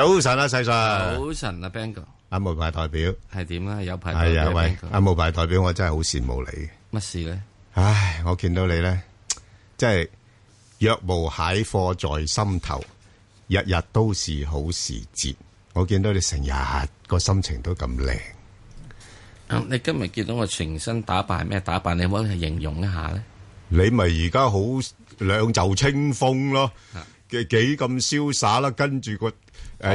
早晨啊，細叔！早晨啊，Ben 哥，阿無牌代表係點咧？有牌代表？係啊，喂，阿無牌代表，我真係好羨慕你。乜事咧？唉，我見到你咧，即係若無蟹貨在心頭，日日都是好時節。我見到你成日個心情都咁靚。啊，你今日見到我全身打扮咩打扮？你可唔可以形容一下咧？你咪而家好兩袖清風咯，幾咁瀟灑啦，跟住個。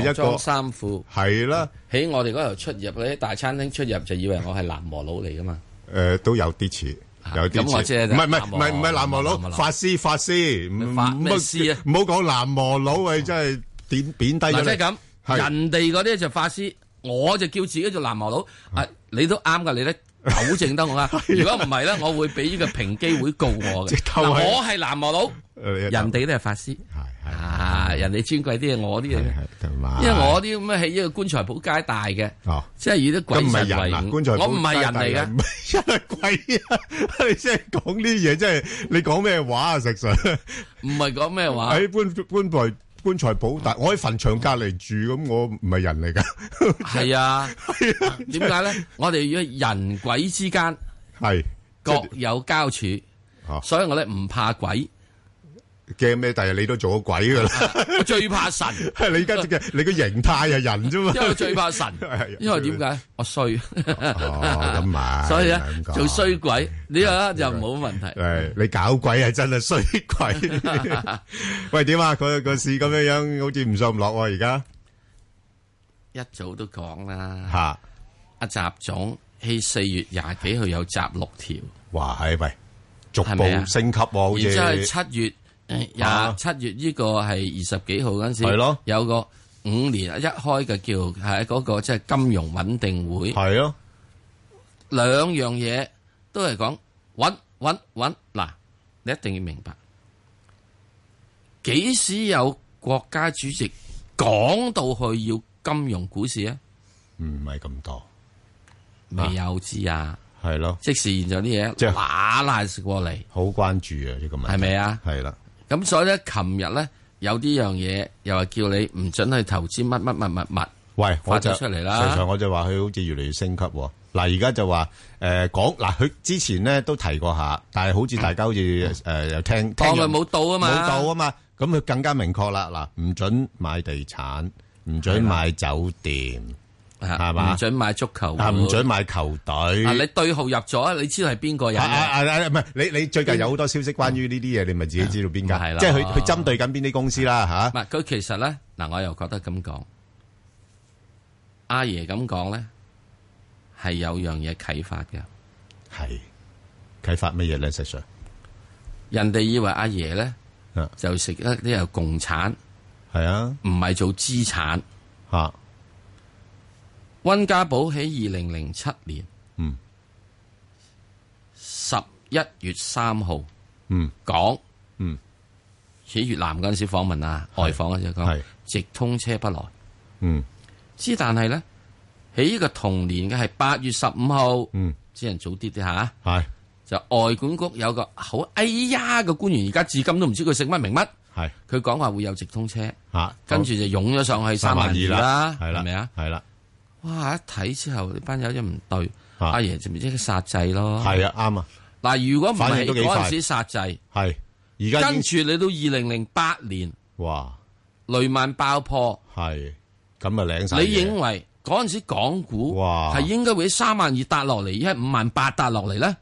着裝衫褲係啦，喺我哋嗰度出入嗰啲大餐廳出入就以為我係南無佬嚟噶嘛。誒，都有啲似，有啲似。唔係唔係唔係唔係南無佬，法師法師，咩師啊？唔好講南無佬，喂，真係貶貶低咗。即係咁，人哋嗰啲就法師，我就叫自己做南無佬。啊，你都啱噶，你咧。保證得我啦，如果唔係咧，我會俾呢個評委會告我嘅。直頭，我係南無佬，人哋都係法師，係啊，的人哋尊貴啲係，我啲嘢，的因為我啲咁咩喺呢個棺材鋪街大嘅，哦、即係以啲鬼神人為，我唔係人嚟、啊，棺材鋪街大嘅，唔係因為鬼啊， 你即係講呢啲嘢，即係你講咩話啊？石、Sir? s 唔係講咩話？喺棺材。棺材保但，我喺墳場隔籬住，咁我唔係人嚟噶。係 啊，點解咧？ 我哋要人鬼之間係是各有交處，啊、所以我咧唔怕鬼。驚咩？第日你都做咗鬼噶啦！最怕神。你而家即係你個形態係人啫嘛。因為最怕神。因為點解？我衰。哦，咁啊。所以啊，做衰鬼，你啊就冇問題。誒，你搞鬼係真係衰鬼。喂，點啊？佢個市咁樣樣，好似唔上唔落。而家一早都講啦。吓，阿習總喺四月廿幾號有集六條。哇！係喂，逐步升級，然之後係七月。廿七月呢個係二十幾號嗰陣時，係咯的，有個五年一開嘅叫喺嗰個即係金融穩定會，係咯的，兩樣嘢都係講穩穩穩嗱，你一定要明白，幾時有國家主席講到去要金融股市啊？唔係咁多，未有知啊？係咯、啊，即使現就啲嘢即拉拉過嚟，好關注啊！呢、這個問題係咪啊？係啦的。咁所以咧，琴日咧有啲樣嘢，又話叫你唔准去投資乜乜乜乜乜。喂，我就出嚟啦。實際上我就話佢好似越嚟越升級。嗱、啊，而家就話誒講嗱，佢、呃啊、之前咧都提過下，但係好似大家好似誒又聽，講佢冇到啊嘛，冇到啊嘛，咁佢更加明確啦。嗱、啊，唔准買地產，唔准買酒店。係嘛？唔准買足球，唔准買球隊。你對號入咗，你知道係邊個入？唔係你，你最近有好多消息關於呢啲嘢，你咪自己知道邊個係啦。即係佢佢針對緊邊啲公司啦吓。係佢其實咧，嗱我又覺得咁講，阿爺咁講咧係有樣嘢啟發嘅，係啟發乜嘢咧？實際上，人哋以為阿爺咧，就食得啲又共產，係啊，唔係做資產吓。溫家寶喺二零零七年十一月三號講，喺越南嗰陣時訪問啊，外訪啊，就講直通車不來，之但係咧喺呢個同年嘅係八月十五號，只能早啲啲吓，就外管局有個好哎呀嘅官員，而家至今都唔知佢食乜名乜，係佢講話會有直通車，吓，跟住就湧咗上去三萬二啦，係咪啊？係啦。哇！一睇之後，呢班友又唔對，阿爺知唔知殺制咯？係啊，啱啊！嗱，如果唔係嗰陣時殺制，係而家跟住你到二零零八年，哇！雷曼爆破係咁啊，冧晒。你認為嗰陣時港股哇，係應該會三萬二跌落嚟，而家五萬八跌落嚟咧？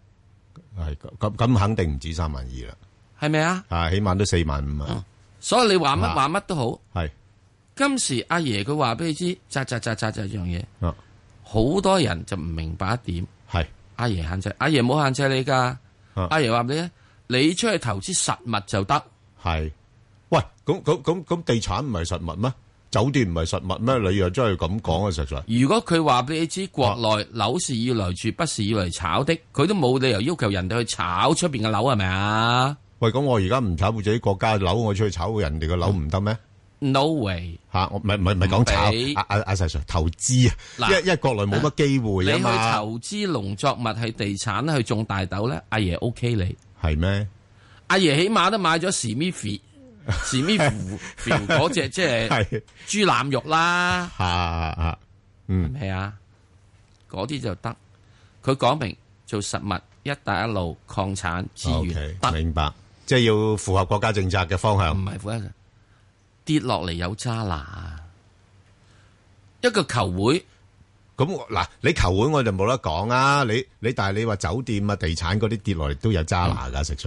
係咁咁肯定唔止三萬二啦，係咪啊？啊，起碼都四萬五啊！所以你話乜話乜都好，係。今時阿爺佢話俾你知，扎扎扎扎扎樣嘢，好、哦、多人就唔明白一點。係阿爺限制，阿爺冇限制你噶。阿爺話俾你咧，你出去投資實物就得。係，喂，咁咁咁地產唔係實物咩？酒店唔係實物咩？你又真係咁講啊？實在。如果佢話俾你知，國內樓是要來住，哦、不是要嚟炒的，佢都冇理由要求人哋去炒出邊嘅樓，係咪啊？喂，咁我而家唔炒自己國家嘅樓，我出去炒人哋嘅樓唔得咩？嗯 no way 嚇，唔係唔係唔係講炒啊！阿阿比、啊啊啊、Sir，投資啊，因為啦因為國內冇乜機會啊嘛，你去投資農作物、去地產、去種大豆咧，阿、啊、爺 OK 你係咩？阿嗎、啊、爺起碼都買咗 Smithfield Smithfield 嗰隻即係豬腩肉啦，嚇嚇嗯咩啊？嗰、嗯、啲就得，佢講明做實物，一帶一路礦產資源，okay, 行明白即係要符合國家政策嘅方向，唔係符合。跌落嚟有渣拿，一個球會咁嗱，你球會我就冇得講啊！你你但係你話酒店啊、地產嗰啲跌落嚟都有渣拿噶，實上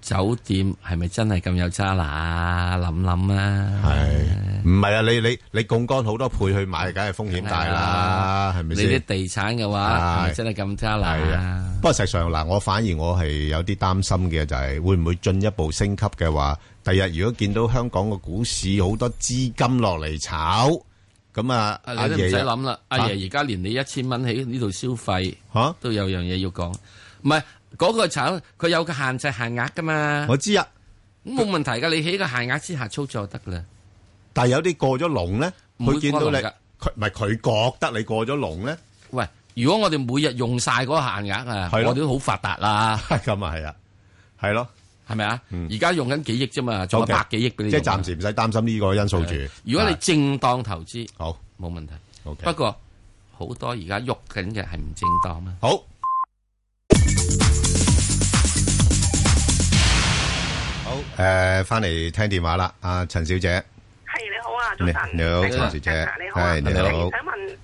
酒店係咪真係咁有渣拿諗諗啦？係唔係啊？你你你槓桿好多倍去買，梗係風險大啦，係咪先？你啲地產嘅話真係咁渣拿？係啊。不過實上嗱，我反而我係有啲擔心嘅，就係會唔會進一步升級嘅話？第日如果見到香港個股市好多資金落嚟炒，咁啊，你唔使諗啦。阿爺而家連你一千蚊喺呢度消費嚇都有樣嘢要講，唔係嗰個炒佢有個限制限額噶嘛。我知啊，咁冇問題噶，你喺個限額之下操作就得啦。但係有啲過咗龍咧，佢見到你，佢唔係佢覺得你過咗龍咧。喂，如果我哋每日用晒嗰個限額啊，我哋都好發達啦。咁啊，係啊，係咯。係咪啊？而家用緊幾億啫嘛，仲百幾億俾你用，即係暫時唔使擔心呢個因素住。如果你正當投資，好冇問題。不過好多而家喐緊嘅係唔正當啊。好，好，誒，翻嚟聽電話啦，阿陳小姐。係你好啊，早晨。你好，陳小姐。你好，你好。想問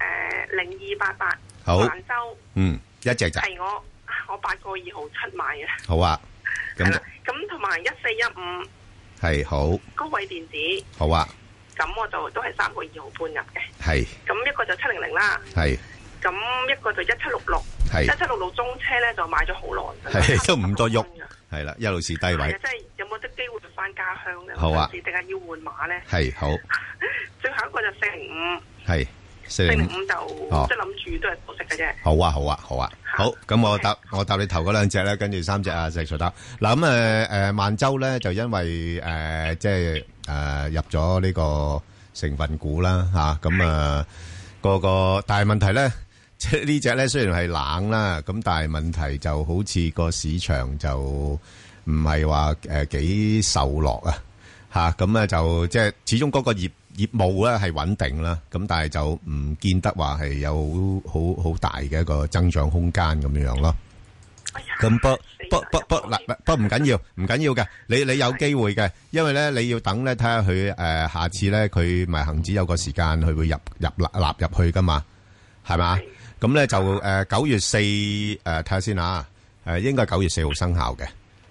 誒，零二八八，好，廣州。嗯，一隻就係我，我八個二號出賣嘅。好啊。係啦，咁同埋一四一五係好高偉電子，好啊。咁我就都係三號、二號半入嘅，係。咁一個就七零零啦，係。咁一個就一七六六，係一七六六中車咧就買咗好耐，都唔多喐，係啦一路是低位。即係有冇得機會翻家鄉咧？好啊，定係要換馬咧？係好，最後一個就四零五，係。四零五就即係諗住都係可惜嘅啫。好啊好啊好啊，好咁我答我答你頭嗰兩隻咧，跟住三隻啊石楚德嗱咁誒誒，萬洲咧就因為誒即係誒入咗呢個成分股啦吓，咁啊個個但係問題咧，即係呢隻咧雖然係冷啦，咁但係問題就好似個市場就唔係話誒幾受落啊吓，咁咧就即係始終嗰個業。業務咧係穩定啦，咁但係就唔見得話係有好好好大嘅一個增長空間咁樣樣咯。咁不不不不嗱，不唔緊要，唔緊要嘅，你你有機會嘅，因為咧你要等咧睇下佢誒下次咧佢咪恒指有個時間佢會入入納納入去㗎嘛，係嘛？咁咧就誒九月四誒睇下先啊，誒應該九月四號生效嘅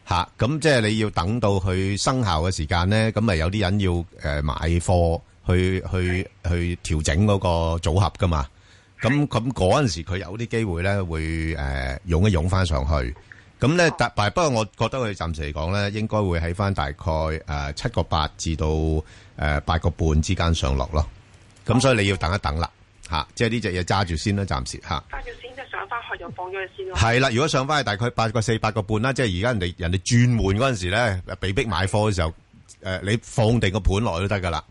嚇，咁即係你要等到佢生效嘅時間咧，咁咪有啲人要誒買貨。去去去調整嗰個組合噶嘛，咁咁嗰陣時佢有啲機會咧，會誒湧、呃、一湧翻上去，咁咧但但不過我覺得佢暫時嚟講咧，應該會喺翻大概誒七個八至到誒八個半之間上落咯，咁、嗯哦、所以你要等一等啦，吓、啊，即係呢隻嘢揸住先啦，暫時吓。揸住先即上翻去就放咗佢先咯、啊。係啦，如果上翻去大概八個四、八個半啦，即係而家人哋人哋轉換嗰陣時咧，被逼買貨嘅時候，誒、呃、你放定個盤落去都得噶啦。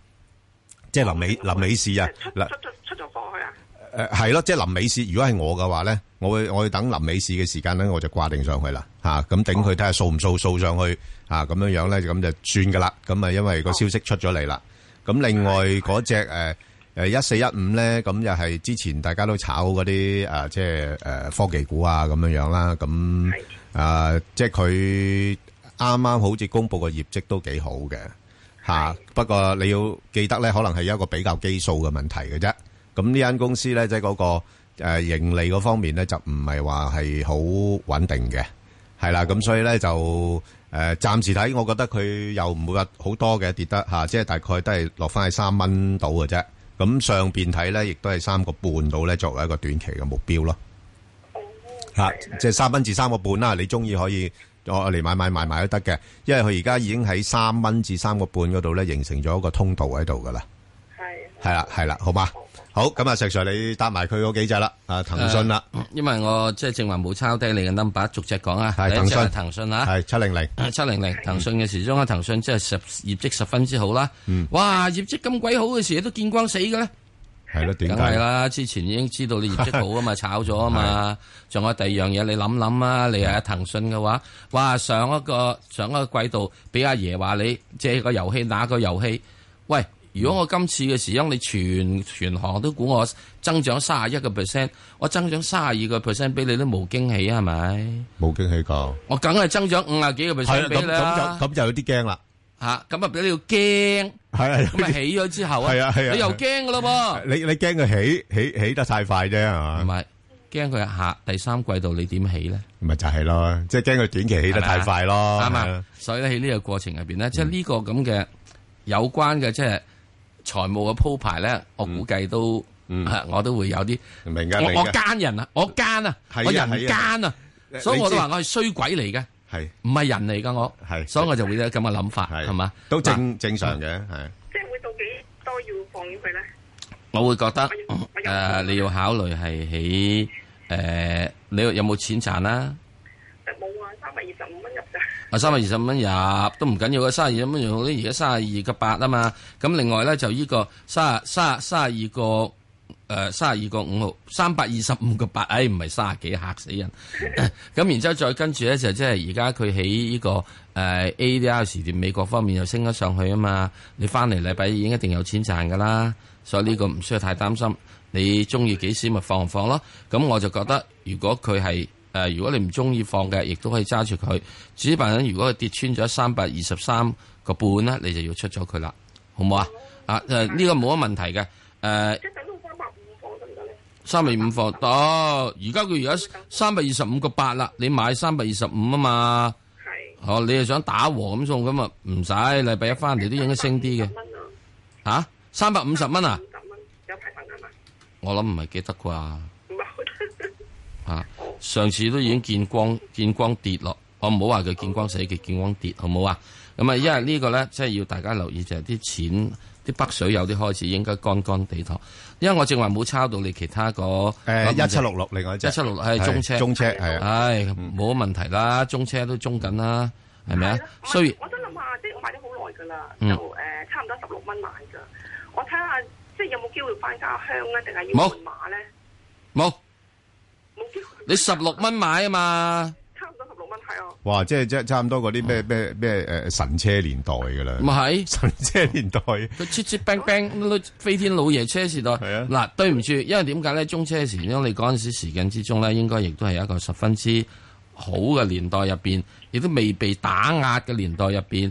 即係林美林美仕啊！出出出咗貨去啊！誒，係咯，即係林美仕。如果係我嘅話咧，我會我會等林美仕嘅時間咧，我就掛定上去啦。吓，咁頂佢睇下數唔數數上去啊？咁樣樣咧，就咁就算噶啦。咁啊，因為個消息出咗嚟啦。咁另外嗰隻誒誒一四一五咧，咁又係之前大家都炒嗰啲誒，即係誒科技股啊，咁樣樣啦。咁啊，即係佢啱啱好似公布個業績都幾好嘅。吓、啊，不過你要記得咧，可能係一個比較基數嘅問題嘅啫。咁呢間公司咧，即係、那、嗰個誒、呃、盈利嗰方面咧，就唔係話係好穩定嘅，係啦。咁所以咧就誒暫、呃、時睇，我覺得佢又唔會話好多嘅跌得吓、啊，即係大概都係落翻去三蚊到嘅啫。咁上邊睇咧，亦都係三個半到咧，作為一個短期嘅目標咯。吓、啊，即係三蚊至三個半啦，你中意可以。我嚟、哦、買買賣賣都得嘅，因為佢而家已經喺三蚊至三個半嗰度咧，形成咗一個通道喺度噶啦。係係啦係啦，好嘛？好，咁啊，石 Sir 你答埋佢嗰幾隻啦。啊，騰訊啦，因為我即係正話冇抄低你嘅 number，逐隻講啊。係騰訊，騰訊吓，係七零零，七零零，騰訊嘅時鐘啊，騰訊即係十業績十分之好啦、啊。嗯、哇，業績咁鬼好嘅時候都見光死嘅咧、啊。.梗係啦，之前已經知道你業績好啊嘛， 炒咗啊嘛。仲 有第二樣嘢，你諗諗啊。你係騰訊嘅話，哇，上一個上一個季度，俾阿爺話你借個遊戲，拿個遊戲。喂，如果我今次嘅時因你全全行都估我增長三十一個 percent，我增長三十二個 percent 俾你都冇驚喜，驚喜啊，係咪？冇驚喜噶。我梗係增長五啊幾個 percent 俾你啦。咁就咁就有啲驚啦。吓咁啊！俾你要驚，係啊，咁啊起咗之後啊，你又驚噶咯？你你驚佢起起起得太快啫，係嘛？唔係驚佢一下第三季度你點起咧？咪就係咯，即係驚佢短期起得太快咯。啱啊！所以喺呢個過程入邊咧，即係呢個咁嘅有關嘅即係財務嘅鋪排咧，我估計都，我都會有啲唔明噶。我我奸人啊，我奸啊，我人奸啊，所以我都話我係衰鬼嚟嘅。係唔係人嚟噶？我係，是所以我就會有咁嘅諗法，係嘛是吧都正但正常嘅係。即係會到幾多要放佢咧？我會覺得誒，你要考慮係喺誒，你有冇錢賺啦？冇啊，三百二十五蚊入咋？啊，三百二十五蚊入都唔緊要嘅，三十二蚊入好啲。而家三十二個八啊嘛，咁另外咧就依個三廿三二個。30, 30, 30, 30個誒，三十二個五毫，三百二十五個八，哎，唔係三十幾，嚇死人。咁 然之後再跟住咧，就即係而家佢喺呢個誒、呃、A.D.R. 時段，美國方面又升咗上去啊嘛。你翻嚟禮拜二已經一定有錢賺噶啦，所以呢個唔需要太擔心。你中意幾時咪放唔放咯？咁我就覺得，如果佢係誒，如果你唔中意放嘅，亦都可以揸住佢。主板人如果佢跌穿咗三百二十三個半咧，你就要出咗佢啦，好唔好啊？啊、呃、誒、呢、這個冇乜問題嘅誒。呃三零五貨到而家佢而家三百二十五個八啦，你買三百二十五啊嘛。是哦，你又想打和咁送咁啊？唔使，禮拜一翻嚟，都應該升啲嘅。吓，三百五十蚊啊？有排份係嘛？我諗唔係記得啩。吓、啊，上次都已經見光見光跌落，我唔好話佢見光死嘅，見光跌，見光見光跌好唔好啊？咁、嗯、啊，因為個呢個咧，即係要大家留意就係、是、啲錢。啲北水有啲開始應該乾乾地妥，因為我正話冇抄到你其他個誒一七六六，另外一七六六係中車，中車係，唉冇乜問題啦，中車都中緊啦，係咪啊？雖然我都諗下，即係我買咗好耐㗎啦，就誒差唔多十六蚊買㗎，我睇下即係有冇機會翻家鄉啊？定係要換碼咧？冇，冇機會。你十六蚊買啊嘛？係啊！哇，即係即係差唔多嗰啲咩咩咩誒神車年代噶啦，唔係嗎神車年代，佢 cheap cheap bang bang 飛天老爺車時代。係啊，嗱，對唔住，因為點解咧？中車時，我哋嗰陣時時間之中咧，應該亦都係一個十分之好嘅年代入邊，亦都未被打壓嘅年代入邊，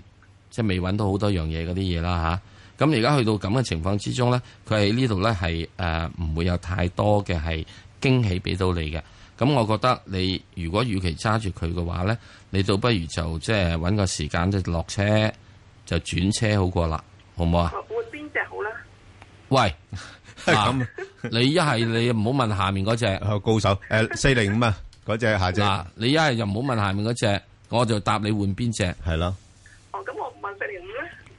即係未搵到好多樣嘢嗰啲嘢啦吓。咁而家去到咁嘅情況之中咧，佢喺呢度咧係誒唔會有太多嘅係驚喜俾到你嘅。咁、嗯、我覺得你如果與其揸住佢嘅話咧，你倒不如就即係揾個時間即係落車就轉車好過啦，好唔好喂啊？換邊隻好啦？喂，咁你一係你唔好問下面嗰隻高手，誒四零五啊嗰隻下隻，啊、你一係就唔好問下面嗰隻，我就答你換邊隻，係咯啦？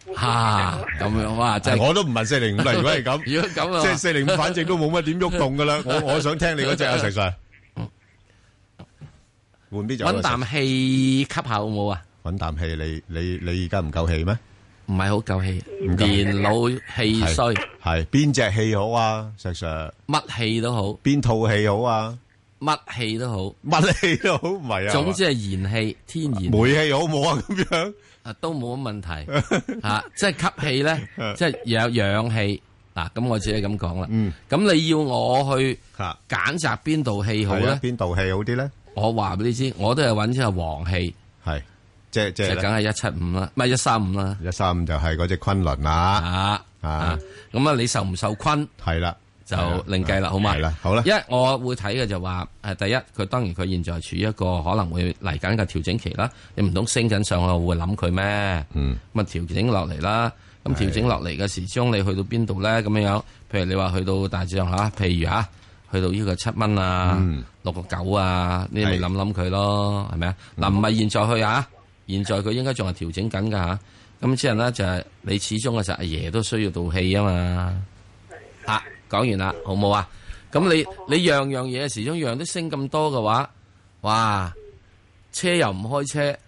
哦、啊，咁、啊就是、我唔問四零五咧。嚇，咁樣哇，我都唔問四零五啦。如果係咁， 如果咁啊，即係四零五，反正都冇乜點喐動噶啦。 我我想聽你嗰隻啊，石 s 搵啖氣吸下好唔好啊？搵啖氣，你你你而家唔夠氣咩？唔係好夠氣，年老氣衰。係邊隻氣好啊？石石，乜氣都好，邊套氣好啊？乜氣都好，乜氣都好唔係啊？總之係燃氣、天然、煤氣好唔好啊？咁樣啊，都冇乜問題吓。即係吸氣咧，即係有氧氣嗱。咁我只係咁講啦。嗯。咁你要我去揀擇邊度氣好咧？邊度氣好啲咧？我話俾你知，我都係揾咗個黃氣，係即係即係，梗係一七五啦，唔係一三五啦，一三五就係嗰隻昆侖啦，啊啊，咁啊，你受唔受昆？係啦，就另計啦，好嘛？係啦，好啦。因為我會睇嘅就話，誒，第一，佢當然佢現在處於一個可能會嚟緊嘅調整期啦。你唔通升緊上去會諗佢咩？嗯，咁啊調整落嚟啦，咁調整落嚟嘅時，將你去到邊度咧？咁樣樣，譬如你話去到大將吓，譬如吓，去到呢個七蚊啊。六個九啊，是你咪諗諗佢咯，係咪、嗯、啊？嗱，唔係現在去啊，現在佢應該仲係調整緊噶吓。咁之後咧就係、是、你始終啊，時候，阿爺都需要道氣啊嘛。吓、啊，講完啦，好冇啊？咁你好好你樣樣嘢始終樣都升咁多嘅話，哇，車又唔開車。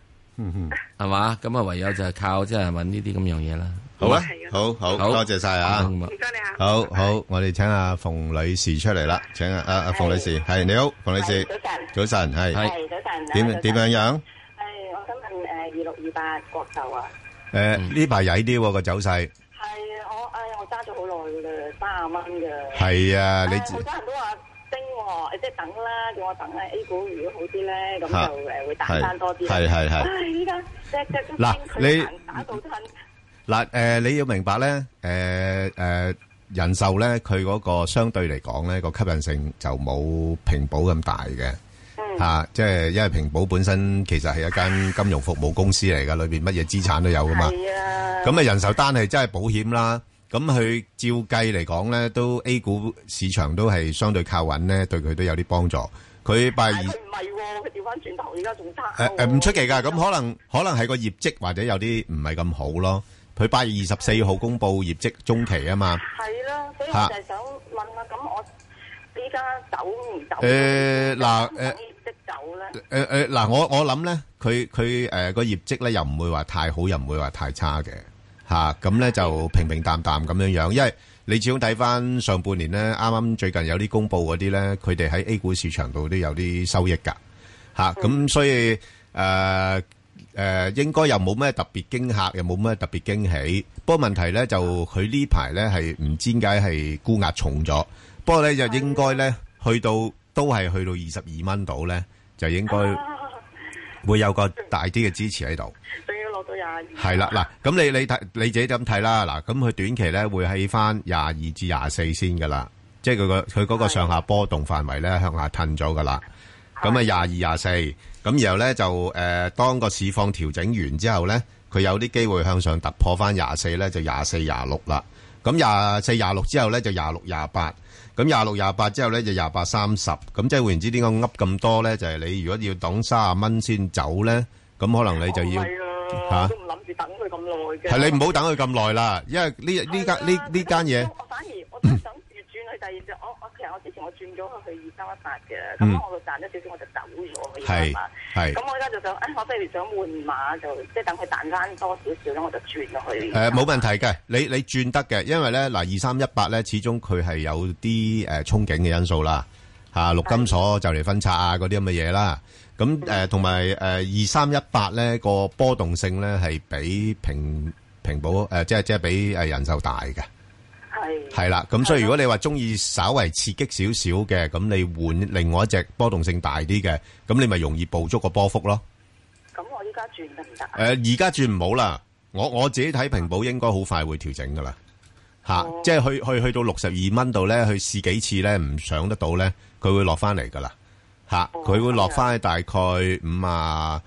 嗯嗯，係嘛？咁啊，唯有就係靠即係搵呢啲咁樣嘢啦。好啊，好好多謝晒啊！唔該你啊！好好，我哋請阿馮女士出嚟啦，請阿阿阿馮女士，係你好，馮女士。早晨，早晨，係係早晨。點點樣樣？誒，我想問誒，二六二八國壽啊？誒，呢排曳啲個走勢。係我哎，我揸咗好耐噶啦，三啊蚊噶。係啊，你。好多人都話。哦，即係等啦，叫我等咧。A 股如果好啲咧，咁就誒會打單多啲。係係係。但係依家隻只都升，佢行打到吞。嗱，誒你要明白咧，誒誒人壽咧，佢嗰個相對嚟講咧個吸引性就冇平保咁大嘅。嗯。吓，即係因為平保本身其實係一間金融服務公司嚟噶，裏邊乜嘢資產都有噶嘛。係啊。咁啊，人壽單係真係保險啦。咁佢照計嚟講咧，都 A 股市場都係相對靠穩咧，對佢都有啲幫助。佢八月二唔係，佢調翻轉頭，而家仲差。誒誒，唔出奇噶，咁可能可能係個業績或者有啲唔係咁好咯。佢八月二十四號公布業績中期啊嘛。係啦，所以我就係想問啊，咁我依家走唔走？誒嗱誒，業績走咧。誒誒，嗱我我諗咧，佢佢誒個業績咧又唔會話太好，又唔會話太差嘅。吓，咁咧就平平淡淡咁樣樣，因為你始終睇翻上半年呢，啱啱最近有啲公布嗰啲呢，佢哋喺 A 股市場度都有啲收益噶，吓、嗯，咁所以誒誒、呃呃，應該又冇咩特別驚吓，又冇咩特別驚喜，不過問題呢，就佢呢排呢係唔知點解係沽壓重咗，不過呢，就應該呢，嗯、去到都係去到二十二蚊度呢，就應該會有個大啲嘅支持喺度。係都啦，嗱、啊，咁你你睇你自己咁睇啦，嗱、啊，咁佢短期咧會起翻廿二至廿四先噶啦，即係佢個佢嗰個上下波動範圍咧向下褪咗噶啦，咁啊廿二廿四，咁然後咧就誒、呃、當個市況調整完之後咧，佢有啲機會向上突破翻廿四咧，就廿四廿六啦，咁廿四廿六之後咧就廿六廿八，咁廿六廿八之後咧就廿八三十，咁即係換言之，點解噏咁多咧？就係、是、你如果要等卅蚊先走咧，咁可能你就要、嗯。欸吓！都唔諗住等佢咁耐嘅。係你唔好等佢咁耐啦，因為呢呢間呢呢間嘢。我反而我都想轉去第二隻。我我其實我之前我轉咗去二三一八嘅，咁我就賺咗少少，我就走咗二三一八。係，咁我依家就想，哎，我不如想換碼，就即係等佢彈翻多少少咧，我就轉落去。誒，冇問題嘅，你你轉得嘅，因為咧嗱，二三一八咧，始終佢係有啲誒憧憬嘅因素啦，吓，陸金所就嚟分拆啊，嗰啲咁嘅嘢啦。咁誒，同埋誒二三一八咧個波動性咧係比平平保誒、呃，即係即係比誒人壽大嘅，係係啦。咁所以的如果你話中意稍為刺激少少嘅，咁你換另外一隻波動性大啲嘅，咁你咪容易捕捉個波幅咯。咁我依家轉得唔得？誒、呃，而家轉唔好啦。我我自己睇平保應該好快會調整噶啦，嚇我、啊，即係去去去到六十二蚊度咧，去試幾次咧，唔上得到咧，佢會落翻嚟噶啦。吓，佢會落翻去大概五啊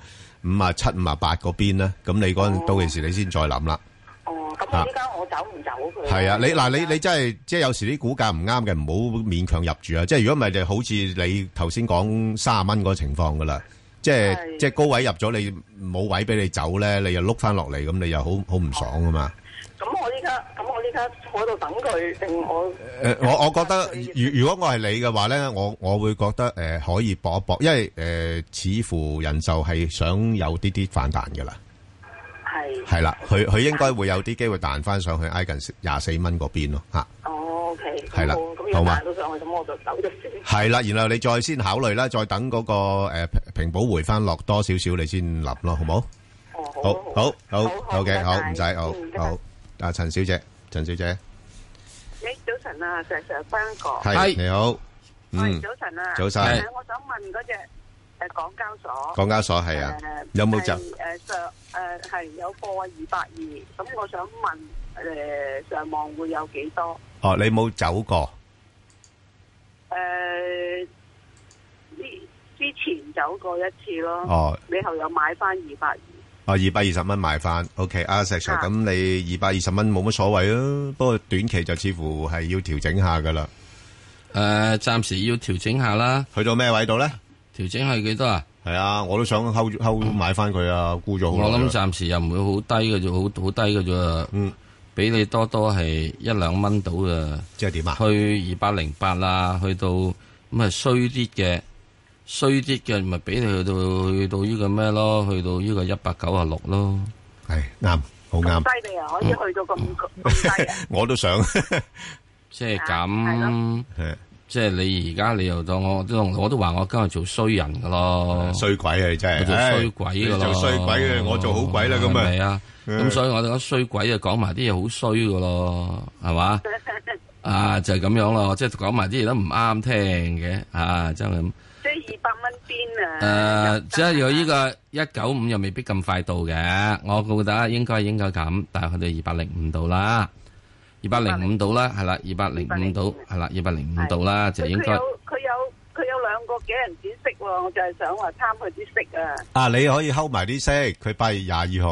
五啊七五啊八嗰邊啦，咁你嗰陣到時你先再諗啦。哦，咁我依家我走唔走佢？係啊，你嗱你你真係即係有時啲股價唔啱嘅，唔好勉強入住啊！即係如果唔係就好似你頭先講三十蚊嗰個情況噶啦，即係即係高位入咗你冇位俾你走咧，你又碌翻落嚟，咁你又好好唔爽噶嘛！咁我依家咁。我度喺等佢定我？誒，我我覺得，如如果我係你嘅話咧，我我會覺得誒可以搏一搏，因為誒似乎人就係想有啲啲反彈噶啦。係係啦，佢佢應該會有啲機會彈翻上去，挨近廿四蚊嗰邊咯，吓。哦，OK，係啦，咁如果彈到上去，咁我就走咗先。係啦，然後你再先考慮啦，再等嗰個誒平保回翻落多少少，你先諗咯，好冇？哦，好好好好好嘅，好唔使，好好，阿陳小姐。陳小姐，你早晨啊，成日翻過係你好，係早晨啊，早晨。我想問嗰隻誒港交所，港交所係啊，有冇走？誒上誒係有貨二百二，咁我想問誒上望會有幾多？哦，你冇走過？誒，之之前走過一次咯，你後又買翻二百二。二百二十蚊買翻，OK，阿、啊、石 Sir，咁你二百二十蚊冇乜所謂啊，不過短期就似乎係要調整下噶啦。誒、呃，暫時要調整下啦。去到咩位度咧？調整係幾多啊？係啊，我都想收收 買翻佢啊，沽咗。我諗暫時又唔會好低嘅，就好好低嘅啫。嗯，比你多多係一兩蚊到啊，即係點啊？去二百零八啦，去到咁啊，衰啲嘅。衰啲嘅咪俾你去到去到呢個咩咯？去到呢個一百九啊六咯，係啱、哎，好啱。犀利啊！可以去到咁貴啊！我都想， 即係咁，啊、即係你而家你又當我我都話我今日做衰人噶咯，衰鬼啊！你真係做衰鬼咯，哎、做衰鬼嘅我做好鬼啦咁啊！咁所以我哋講衰鬼講 啊，講埋啲嘢好衰噶咯，係嘛、啊啊啊？啊，就係、是、咁樣咯，即係講埋啲嘢都唔啱聽嘅啊，真係咁。即係二百蚊邊啊！誒，即係有依個一九五又未必咁快到嘅，我覺得應該應該咁，但係佢哋二百零五度啦，二百零五度啦，係啦，二百零五度，係啦，二百零五度啦，就應該。佢有佢有佢有兩個幾人展色喎，我就係想話參佢啲色啊。啊，你可以 hold 埋啲色，佢八月廿二號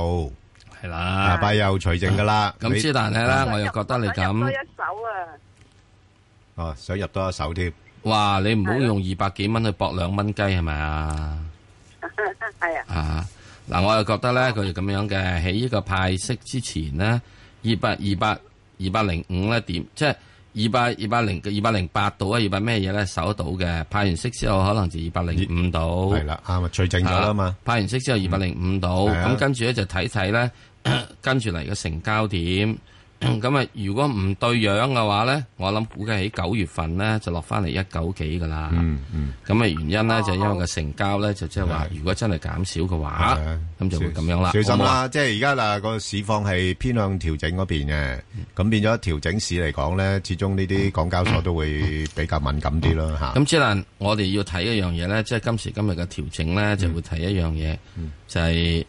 係啦，八又除正噶啦。咁之但係咧，我又覺得你咁。入多一手啊！哦，想入多一手添。哇！你唔好用二百幾蚊去搏兩蚊雞係咪啊？係啊。啊嗱，我又覺得咧，佢哋咁樣嘅。喺呢個派息之前咧，二百二百二百零五一點，即係二百二百零二百零八度啊，二百咩嘢咧，守得到嘅。派完息之後，可能就二百零五度。係啦、嗯，嗯、啊咪修正咗啊嘛。派完息之後二百零五度，咁、嗯啊、跟住咧就睇睇咧， 跟住嚟嘅成交點。咁啊！ 如果唔對樣嘅話咧，我諗估計喺九月份咧就落翻嚟一九幾噶啦。咁啊、嗯，嗯、原因咧、哦、就因為個成交咧就即係話，如果真係減少嘅話，咁的就會咁樣啦。算嗎小心啦，即係而家嗱個市況係偏向調整嗰邊嘅，咁變咗調整市嚟講咧，始終呢啲港交所都會比較敏感啲咯嚇。咁即係我哋要睇一樣嘢咧，即係今時今日嘅調整咧，就會睇一樣嘢，就係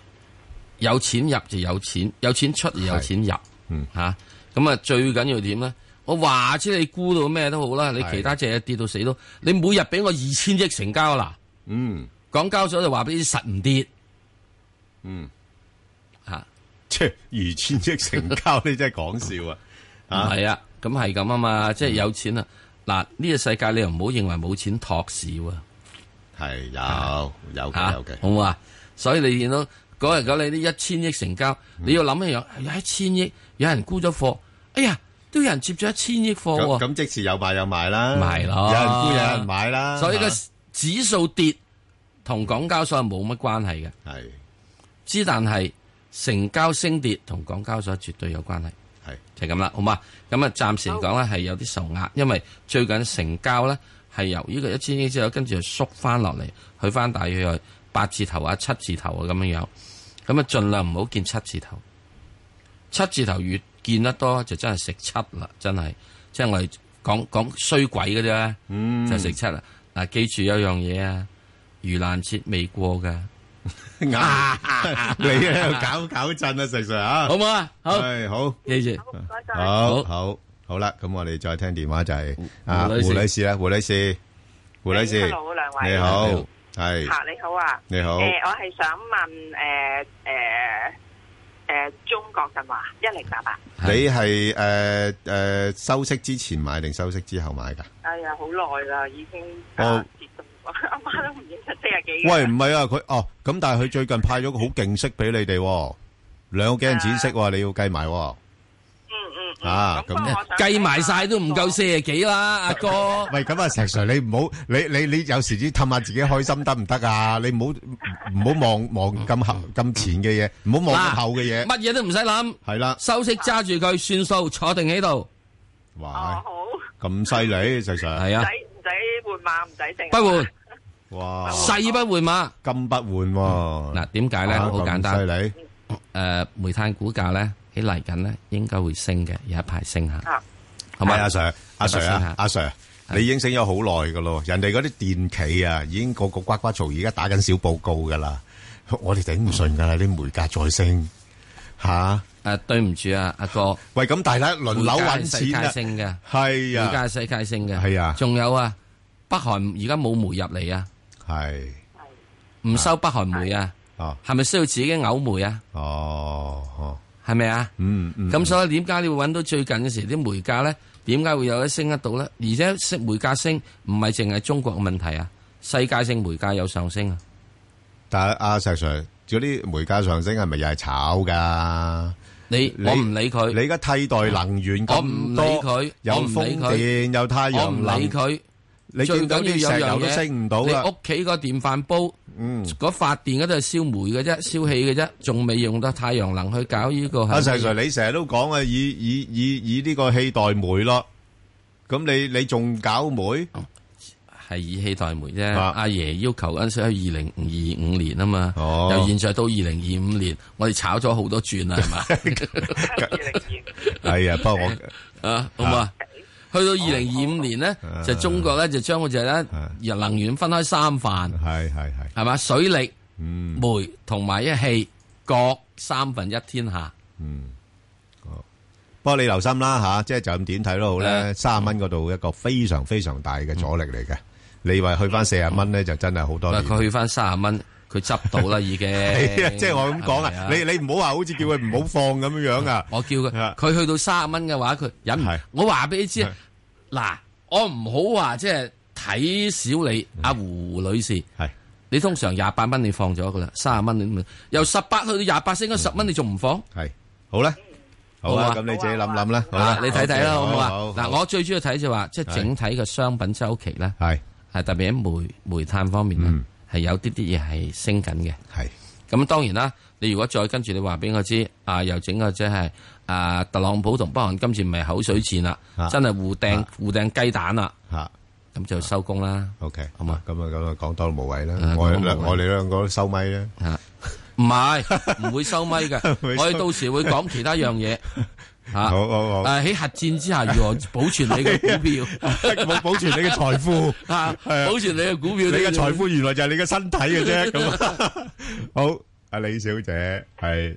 有錢入就有錢，有錢出就有錢入。嗯吓，咁啊最緊要點咧？我話知你估到咩都好啦，啊、你其他隻嘢跌到死都，你每日俾我二千億成交啦。嗯，講交咗就話俾啲實唔跌。嗯，吓，即係二千億成交，你真係講笑啊！係啊，咁係咁啊嘛，即係有錢啊！嗱，呢個世界你又唔好認為冇錢托市喎。係有是有嘅，好唔好啊？所以你見到。講嚟講你啲一千億成交，嗯、你要諗一樣，有一千億有人沽咗貨，哎呀，都有人接咗一千億貨喎。咁即時有賣有買啦，買咯了，有人沽有人買啦。所以個指數跌同港交所係冇乜關係嘅，係之是但係成交升跌同港交所絕對有關係，係是就咁啦，好嘛？咁啊暫時嚟講咧係有啲受壓，因為最近成交咧係由呢個一千億之後，跟住就縮翻落嚟，去翻大約八字頭啊、七字頭啊咁樣樣。咁啊，盡量唔好見七字頭，七字頭越見得多就真係食七啦，真係，即係我哋講講衰鬼嗰啲啊，就食七啦。嗱，記住有一樣嘢啊，盂蘭節未過噶，你啊搞搞震啊，成成啊，好唔好啊？好，記住，好好好啦，咁我哋再聽電話就係啊胡女士啦，胡女士，胡女士，你好。係，吓你好啊，你好，誒我係想問誒誒誒中國神華一零八八，你係誒誒收息之前買定收息之後買噶？哎呀，好耐啦，已經打折咗，我阿媽都唔記得七啊幾。喂，唔係啊，佢哦，咁但係佢最近派咗個好勁息俾你哋，兩個幾人展息你要計埋。啊，咁計埋晒都唔夠四十幾啦，阿哥。喂，咁啊，石 Sir，你唔好，你你你有時只氹下自己開心得唔得啊？你唔好唔好望望咁後咁前嘅嘢，唔好望咁後嘅嘢。乜嘢都唔使諗。係啦。收息揸住佢算數，坐定喺度。哇！好。咁犀利，石 Sir。係啊。唔使唔使換碼，唔使定？不換。哇！勢不換碼，金不換。嗱，點解咧？好簡單。犀利。誒，煤炭股價咧？嚟緊咧，應該會升嘅，有一排升下。係咪阿 Sir？阿 Sir 啊，阿 Sir，你已經升咗好耐噶咯。人哋嗰啲電企啊，已經個個呱呱嘈，而家打緊小報告噶啦。我哋頂唔順噶啦，啲煤價再升吓。誒，對唔住啊，阿哥。喂，咁大家輪流搵世界，升嘅係啊，世界升嘅係啊。仲有啊，北韓而家冇煤入嚟啊，係係唔收北韓煤啊？哦，係咪需要自己嘅嘔煤啊？哦哦。係咪啊？嗯嗯。咁所以點解你會揾到最近嘅時啲煤價咧？點解會有得升得到咧？而且升煤價升唔係淨係中國嘅問題啊，世界性煤價有上升啊。但係阿石 Sir，嗰啲煤價上升係咪又係炒㗎？你我唔理佢。你而家替代能源咁多，有風電，有太陽能，我唔理佢。最緊要石油都升唔到啦！你屋企個電飯煲，嗯，嗰發電嗰度燒煤嘅啫，燒氣嘅啫，仲未用得太陽能去搞呢個。阿 Sir，你成日都講啊，以以以以呢個氣代煤咯。咁你你仲搞煤？係以氣代煤啫。阿爺要求嗰陣時係二零二五年啊嘛。哦，由現在到二零二五年，我哋炒咗好多轉啦，係嘛？係啊，不過我啊，好嘛？去到二零二五年咧，就中國咧就將嗰隻咧，能源分開三份，係係係，係嘛，水力、煤同埋一氣各三分一天下。嗯，好，不過你留心啦吓，即係就咁點睇都好咧，三十蚊嗰度一個非常非常大嘅阻力嚟嘅。你以為去翻四十蚊咧，就真係好多。佢去翻三十蚊。佢執到啦，已經係啊！即係我咁講啊，你你唔好話好似叫佢唔好放咁樣樣啊！我叫佢，佢去到卅蚊嘅話，佢忍唔？我話俾你知，嗱，我唔好話即係睇少你阿胡女士。係你通常廿八蚊你放咗噶啦，卅蚊你由十八去到廿八升咗十蚊，你仲唔放？係好咧，好啊！咁你自己諗諗啦，好啦，你睇睇啦，好唔好啊？嗱，我最主要睇就話，即係整體嘅商品週期咧，係係特別喺煤煤炭方面咧。係有啲啲嘢係升緊嘅是，係咁當然啦。你如果再跟住你話俾我知，啊、呃、又整個即係啊特朗普同北韓今次唔係口水戰啦，啊、真係互掟互掟雞蛋啦，嚇咁、啊、就收工啦。OK，、啊、好嘛嗎，咁啊咁啊講多都無謂啦、啊。我我哋兩個都收咪啦，嚇， 唔係唔會收咪嘅， 我哋到時會講其他樣嘢。 吓，好好好。誒，喺核戰之下如何保存你嘅股票？保保全你嘅財富。吓，係保全你嘅股票，你嘅財富原來就係你嘅身體嘅啫。咁好，阿李小姐係。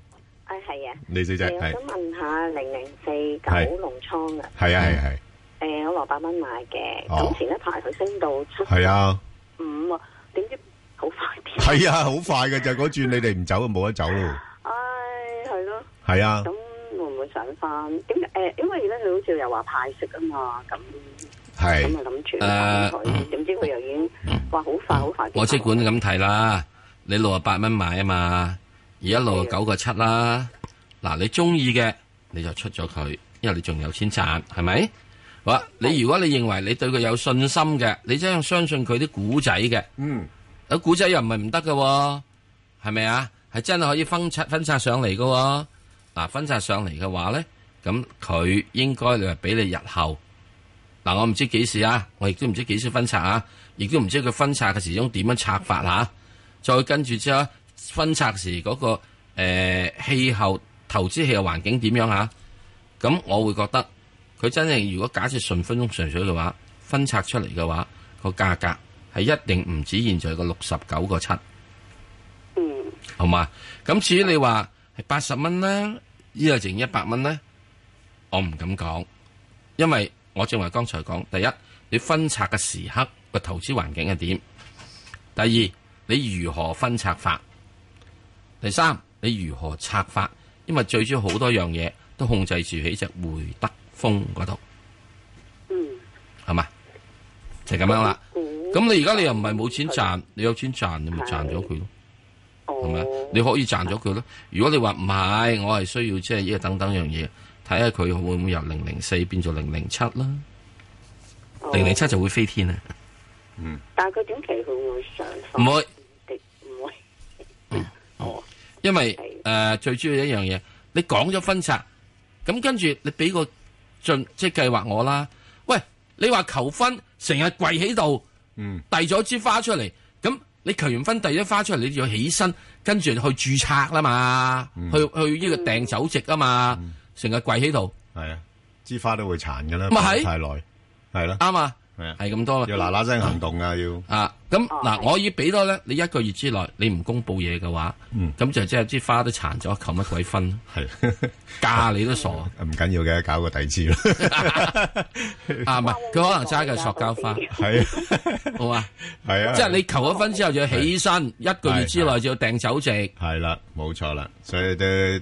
誒，係啊。李小姐，我想問下零零四九龍倉啊。係啊，係係。誒，我六百蚊買嘅，咁前一排佢升到。係啊。五啊，點知好快啲。係啊，好快嘅就嗰轉，你哋唔走就冇得走咯。唉，係咯。係啊。咁。想翻點誒？因為而家佢好似又話派息啊嘛，咁咁咪諗住賣佢？點知佢又已經話好、呃、快好、嗯、快我即管咁睇啦，你六啊八蚊買啊嘛，而家六啊九個七啦。嗱，你中意嘅你就出咗佢，因為你仲有錢賺，係咪？哇、嗯！你如果你認為你對佢有信心嘅，你真係相信佢啲古仔嘅。嗯，啲古仔又唔係唔得㗎，係咪啊？係真係可以分拆分拆上嚟㗎。嗱、啊，分拆上嚟嘅話咧，咁佢應該你話俾你日後嗱、啊，我唔知幾時啊，我亦都唔知幾時分拆啊，亦都唔知佢分拆嘅時候點樣拆法吓、啊，再跟住之後分拆時嗰、那個誒氣、欸、候投資氣候環境點樣吓、啊，咁我會覺得佢真係如果假設順分鐘順水嘅話，分拆出嚟嘅話個價格係一定唔止現在個六十九個七，嗯，好嘛，咁至於你話。係八十蚊咧，依個剩一百蚊咧，我唔敢講，因為我正如剛才講，第一你分拆嘅時刻個投資環境係點，第二你如何分拆法，第三你如何拆法，因為最主要好多樣嘢都控制住喺隻會德豐嗰度，嗯，係嘛，就咁、係、樣啦。咁、嗯、你而家你又唔係冇錢賺，你有錢賺，你咪賺咗佢咯。嗯係咪？你可以賺咗佢咯。如果你話唔係，我係需要即係呢個等等樣嘢，睇下佢會唔會由零零四變做零零七啦。零零七就會飛天呀。會會，嗯。但係佢點期佢會上翻？唔會，唔會。哦。因為誒的、呃，最主要一樣嘢，你講咗分拆，咁跟住你俾個進即係計劃我啦。喂，你話求婚，成日跪喺度，嗯，遞咗支花出嚟。你求完婚，第一花出嚟，你就要起身跟住去註冊啦嘛，嗯、去去呢個訂酒席啊嘛，成日、嗯、跪喺度。係啊，枝花都會殘噶啦，唔係、嗯、太耐，係咯、嗯。啱啊。係咁多啦，要嗱嗱聲行動啊，要啊，咁嗱，我以俾多咧，你一個月之內你唔公布嘢嘅話，咁就即係支花都殘咗，求乜鬼婚？係嫁你都傻，唔緊要嘅，搞個第二次咯。啊唔係，佢可能揸緊塑膠花，係好啊，係啊，即係你求咗婚之後，就要起身，一個月之內就要訂酒席。係啦，冇錯啦，所以都誒，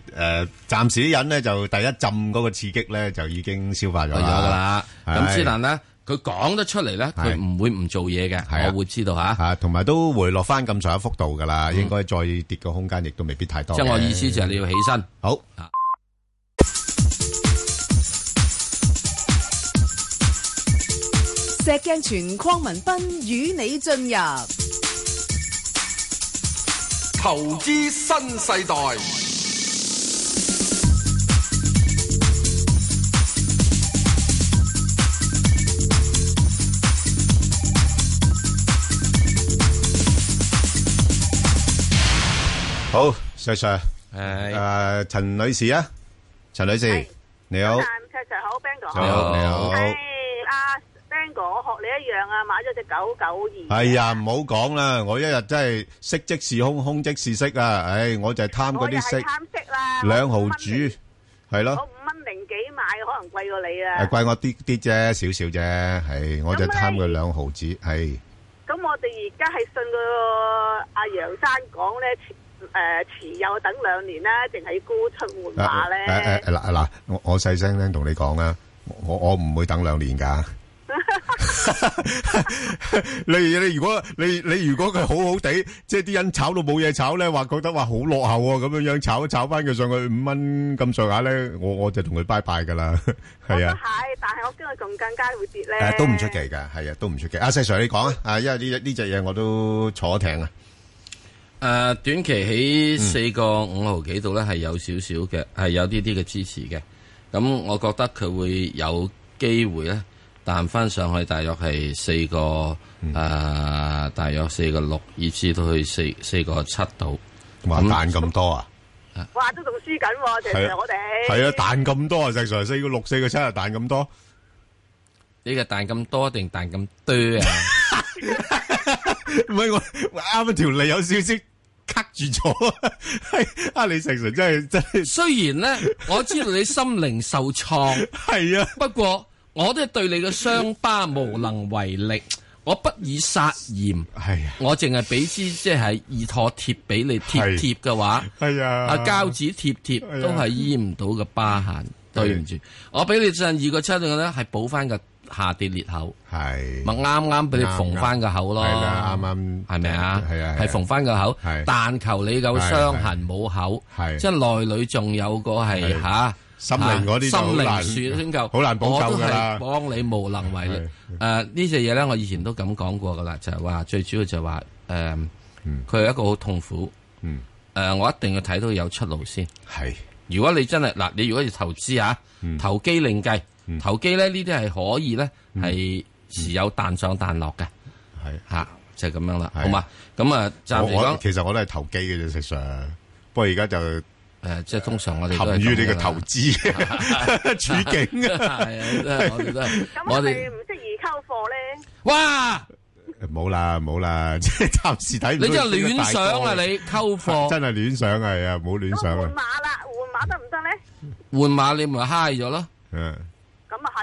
暫時啲人呢，就第一浸嗰個刺激咧就已經消化咗咗啦。咁只能呢。佢講得出嚟咧，佢唔會唔做嘢嘅，的我會知道吓。啊，同埋、啊、都回落翻咁上下幅度噶啦，嗯、應該再跌嘅空間亦都未必太多。即係我意思就係你要起身好。啊、石鏡泉、鄺文斌與你進入投資新世代。好，Sir Sir，誒，陳女士啊，陳女士，你好。陳 Sir 好，Bingo，你好，你好。係阿 Bingo，我學你一樣啊，買咗隻九九二。哎呀，唔好講啦，我一日真係色即是空，空即是色啊。唉，我就係貪嗰啲色。我又係貪色啦。兩毫子，係咯。我五蚊零幾買，可能貴過你啊。係貴我啲啲啫，少少啫。唉，我就貪佢兩毫子。係。咁我哋而家係信個阿楊生講咧。誒、呃，持有等兩年咧，定係沽出換馬咧？嗱嗱，啊，我我細聲咧同你講啊，我我唔會等兩年噶。 你你如果你你如果佢好好地，即係啲人炒到冇嘢炒咧，話覺得話好落後咁，啊，樣樣，炒炒翻佢上去五蚊咁上下咧，我我就同佢拜拜噶啦。我 啊，係，但係我驚佢仲更加會跌咧。都唔出奇噶，係啊，都唔出奇。阿細，啊啊，Sir，你講啊，啊，因為呢呢隻嘢我都坐艇啊。誒，短期喺四個五毫幾度咧，係有少少嘅，係有啲啲嘅支持嘅。咁我覺得佢會有機會咧彈翻上去大、嗯啊，大約係四個誒，大約四個六，以至到去四四個七度。話彈咁多啊？啊哇，都仲輸緊，謝 Sir 我哋。係啊，彈咁多啊！謝 Sir 四個六，四個七啊，彈咁多？呢個彈咁多定彈咁多啊？唔係我啱啱條脷有少少。卡住咗，阿 李、啊、成成真係真係。雖然咧，我知道你心靈受創，係 是啊。不過我都係對你嘅傷疤無能為力，我不以殺鹽，係是、啊、我淨係俾支即係易妥貼俾你貼貼嘅話，係啊，是啊膠紙貼貼都係醫唔到嘅疤痕，對唔住，是啊、我俾你上二個七度咧，係補翻個。下跌裂口，係咪啱啱俾你縫翻個口咯？啱啱係咪啊？係啊，係縫翻個口，但求你夠傷痕冇口，係即係內裏仲有個係吓心靈嗰啲，心靈樹先夠，好難補救噶啦。我都係幫你無能為力。誒，呢隻嘢咧，我以前都咁講過噶啦，就係話最主要就係話誒，佢係一個好痛苦。誒，我一定要睇到有出路先。係如果你真係嗱，你如果要投資啊，投機另計。投機咧，呢啲係可以咧，係持有彈上彈落嘅，係吓就咁樣啦，好嘛？咁啊，暫時講，其實我都係投機嘅啫，實上，不過而家就誒，即係通常我哋陷於你個投資處境。係啊，我哋唔適宜溝貨咧。哇！冇啦冇啦，即係暫時睇唔出你真係亂想啊！你溝貨真係亂想啊！係啊，冇亂想啊！換碼啦，換碼得唔得咧？換碼你咪嗨咗咯，嗯。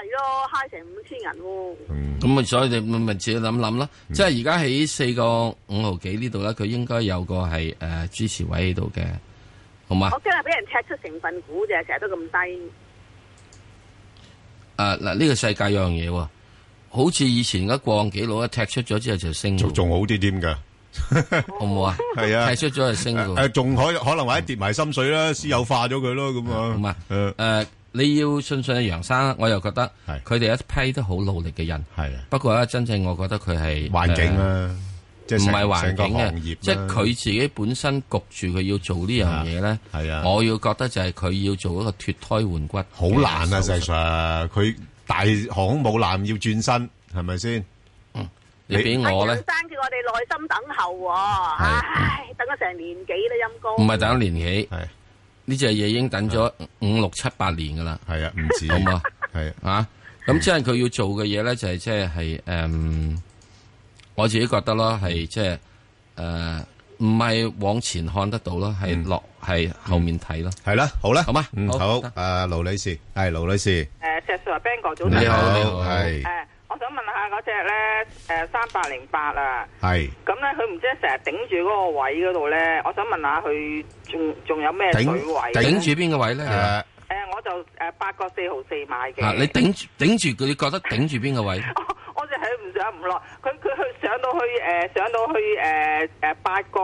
係咯，嗨成五千人喎。咁啊，所以你咪自己諗諗啦。嗯、即係而家喺四個五毫幾呢度咧，佢應該有個係誒、呃、支持位喺度嘅，好嘛？我驚係俾人踢出成分股啫，成日都咁低。誒、啊，嗱，呢、這個世界有樣嘢喎，好似以前一降萬幾佬一踢出咗之後就升，仲仲好啲啲噶，好唔 好，好啊？係啊，踢出咗就升。誒，仲可可能或者跌埋心水、嗯、啦，私有化咗佢咯，咁啊。唔係，誒。你要信信阿楊生，我又覺得佢哋一批都好努力嘅人。係，不過咧，真正我覺得佢係環境啦，唔係環境嘅，即係佢自己本身焗住佢要做呢樣嘢咧。係啊，我要覺得就係佢要做一個脫胎換骨，好難啊！就係誒，佢大航空母艦要轉身，係咪先？你俾我咧？阿楊生叫我哋耐心等候，吓，等咗成年幾都陰公，唔係等咗年幾？呢隻嘢已經等咗五六七八年噶啦，係 嗎 啊，唔止好嘛，係啊，咁即係佢要做嘅嘢咧，就係即係，誒、呃，我自己覺得咯，係即係誒，唔、呃、係往前看得到咯，係落係後面睇咯，係啦、嗯啊，好啦，好嘛嗎，嗯，好，好啊，盧女士係盧女士，誒、呃，石述你好，係。是我想問下嗰隻咧，誒，三百零八啊，係，咁咧佢唔知成日頂住嗰個位嗰度咧。我想問下佢仲仲有咩水位？頂住邊個位咧？誒，我就誒八個四毫四買嘅。你頂住頂住佢你覺得頂住邊個位？我我就係唔上唔落，佢佢佢上到去誒上到去誒誒八個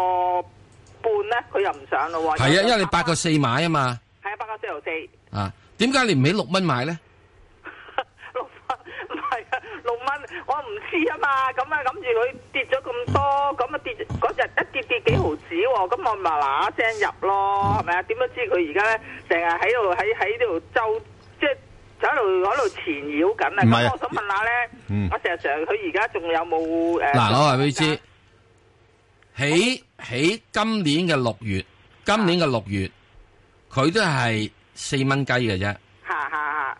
半咧，佢又唔上咯喎。係啊，因為你八個四買啊嘛。係啊，八個四毫四。啊，點解你唔喺六蚊買咧？六蚊，我唔知啊嘛，咁啊諗住佢跌咗咁多，咁啊跌嗰日一跌跌幾毫子喎，哦，咁我咪嗱嗱聲入咯，係咪啊？點都知佢而家咧，成日喺度喺喺度就，即係喺度喺度纏繞緊啊！咁我想問下咧、嗯呃，我成日常佢而家仲有冇誒？嗱、啊，我話俾你知，喺喺今年嘅六月，今年嘅六月，佢、啊、都係四蚊雞嘅啫，五蚊、啊啊啊、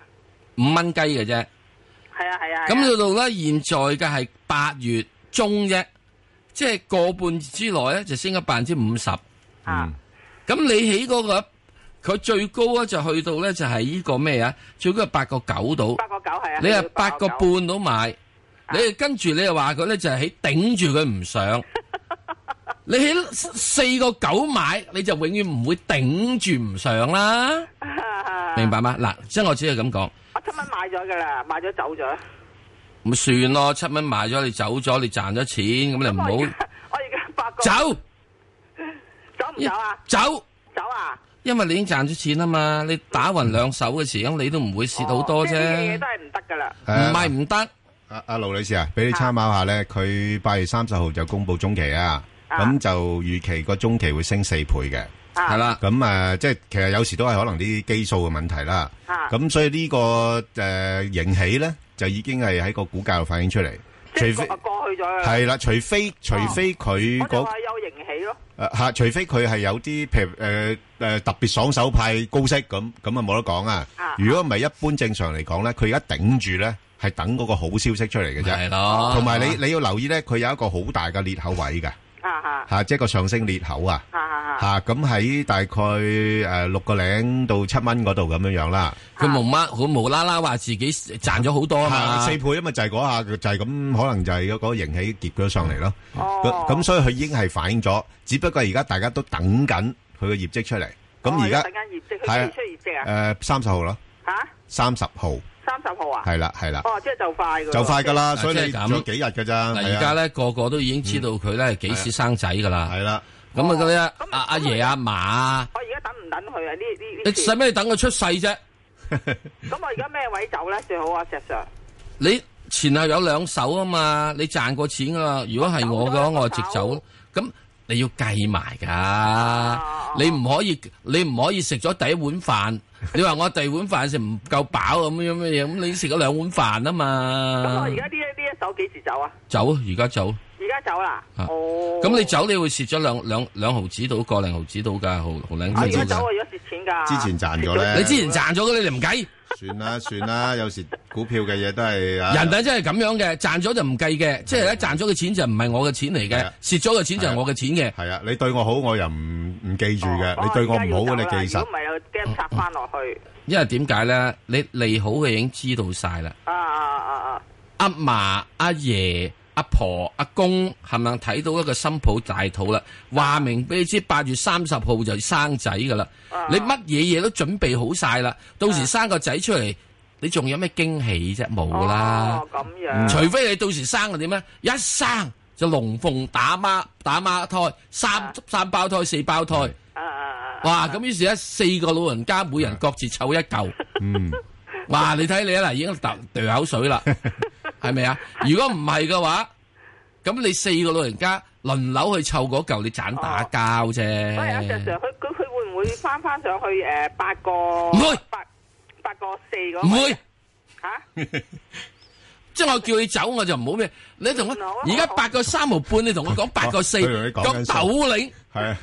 雞嘅啫。係啊係啊，咁、啊啊、到到咧，現在嘅係八月中啫，即係個半之內咧就升咗百分之五十。嗯。咁、啊、你起嗰、那個，佢最高咧就去到咧就係呢個咩啊？最高係八個九到。八個九係啊。你係八個半到買，啊、你跟住你又話佢咧就係喺頂住佢唔上。 你起四個九買，你就永遠唔會頂住唔上啦。 明白嗎？嗱，即係我只係咁講。我七蚊買咗噶啦，買咗走咗。咁算咯，七蚊買咗你走咗，你賺咗錢，咁你唔好。我而家八個。走，走唔走啊？走，走啊？因為你已經賺咗錢啦嘛，你打匀兩手嘅時候，你、哦、都唔會蝕好多啫。即係啲嘢都係唔得噶啦。唔係唔得。阿阿盧女士啊，俾你參考下咧，佢八、啊、月三十號就公布中期啊。咁就預期個中期會升四倍嘅，係啦。咁誒，即係其實有時都係可能啲基數嘅問題啦。咁所以呢個誒盈喜咧，就已經係喺個股價度反映出嚟。即係過去咗係啦，除非除非佢嗰有盈喜咯。誒吓，除非佢係有啲譬如誒誒特別爽手派高息咁，咁啊冇得講啊。如果唔係一般正常嚟講咧，佢而家頂住咧係等嗰個好消息出嚟嘅啫。係咯。同埋你你要留意咧，佢有一個好大嘅裂口位嘅。啊啊！吓，即係個上升裂口啊！啊啊啊！吓，咁喺大概誒六個零到七蚊嗰度咁樣樣啦。佢冇乜，佢冇啦啦話自己賺咗好多啊！四倍啊嘛，就係嗰下，就係咁，可能就係嗰個人氣疊咗上嚟咯。哦，咁所以佢已經係反映咗，只不過而家大家都等緊佢嘅業績出嚟。咁而家有冇等緊業績？佢幾出業績啊？誒，三十號咯。吓，三十號。三十號啊？係啦，係啦。哦，即係就快，就快噶啦。所以你咗幾日噶咋？嗱，而家咧個個都已經知道佢咧係幾時生仔噶啦。係啦。咁啊，嗰啲阿阿爺阿嫲啊。我而家等唔等佢啊？呢呢呢？使咩等佢出世啫？咁我而家咩位走咧？最好啊，石 Sir。你前後有兩手啊嘛，你賺過錢啊嘛。如果係我嘅話，我直走。咁你要計埋噶，你唔可以，你唔可以食咗第一碗飯。你話我第二碗飯食唔夠飽咁樣乜嘢？咁你食咗兩碗飯啊嘛！咁我而家呢一呢一手幾時走啊？走，啊，而家走。而家走啦！哦，咁你走你會蝕咗兩兩兩毫子到個零毫子到噶，好毫零幾毫子。啊，走我而家蝕錢噶。之前賺咗咧。你之前賺咗嘅，你哋唔計。算啦算啦，有時股票嘅嘢都係啊，人哋真係咁樣嘅，賺咗就唔計嘅，即係咧賺咗嘅錢就唔係我嘅錢嚟嘅，蝕咗嘅錢就係我嘅錢嘅。係啊，你對我好我又唔唔記住嘅，你對我唔好嘅你記實。驚插翻落去，因為點解咧？你利好嘅已經知道晒啦。啊啊啊！阿嫲、阿爺、阿婆、阿公，係咪睇到一個新抱大肚啦？話明俾你知，八月三十號就要生仔噶啦。你乜嘢嘢，都準備好晒啦，到時生個仔出嚟，你仲有咩驚喜啫？冇啦。咁樣，除非你到時生個點咧？一生就龍鳳打孖打孖胎，三三胞胎、四胞胎。啊啊！哇！咁於是咧，四個老人家每人各自湊一嚿。嗯。哇！你睇你啊嗱，已經嗒掉口水啦，係咪啊？如果唔係嘅話，咁你四個老人家輪流去湊嗰嚿，你盞打交啫。唔係阿 Sir，Sir，佢佢佢會唔會翻翻上去誒？八個。唔會。八八個四個。唔會。嚇！即我叫你走，我就唔好咩？你同我而家八個三毫半，你同我講八個四，個豆你。係啊。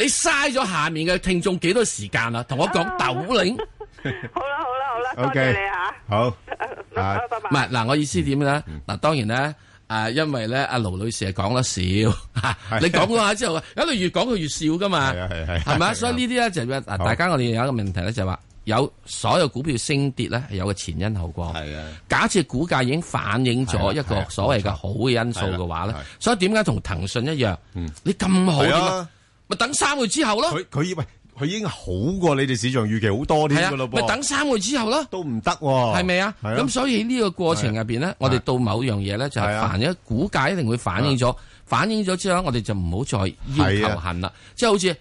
你嘥咗下面嘅聽眾幾多時間啊？同我講斗零，好啦好啦好啦，多謝你啊！好，唔係嗱，我意思點咧？嗱，當然咧，誒，因為咧，阿盧女士係講得少，你講咗下之後，咁你越講佢越少噶嘛，係咪？所以呢啲咧就係，大家我哋有一個問題咧就係話，有所有股票升跌咧係有個前因後果，係啊。假設股價已經反映咗一個所謂嘅好嘅因素嘅話咧，所以點解同騰訊一樣，你咁好啊？咪等三個月之後咯，佢佢以為，佢已經好過你哋市場預期好多啲噶咯。咪、啊、等三個月之後咯，都唔得、哦，係咪啊？咁、啊、所以呢個過程入邊呢，啊、我哋到某樣嘢咧就係凡一股價一定會反映咗，啊、反映咗之後，我哋就唔好再要求恨啦。即係、啊、好似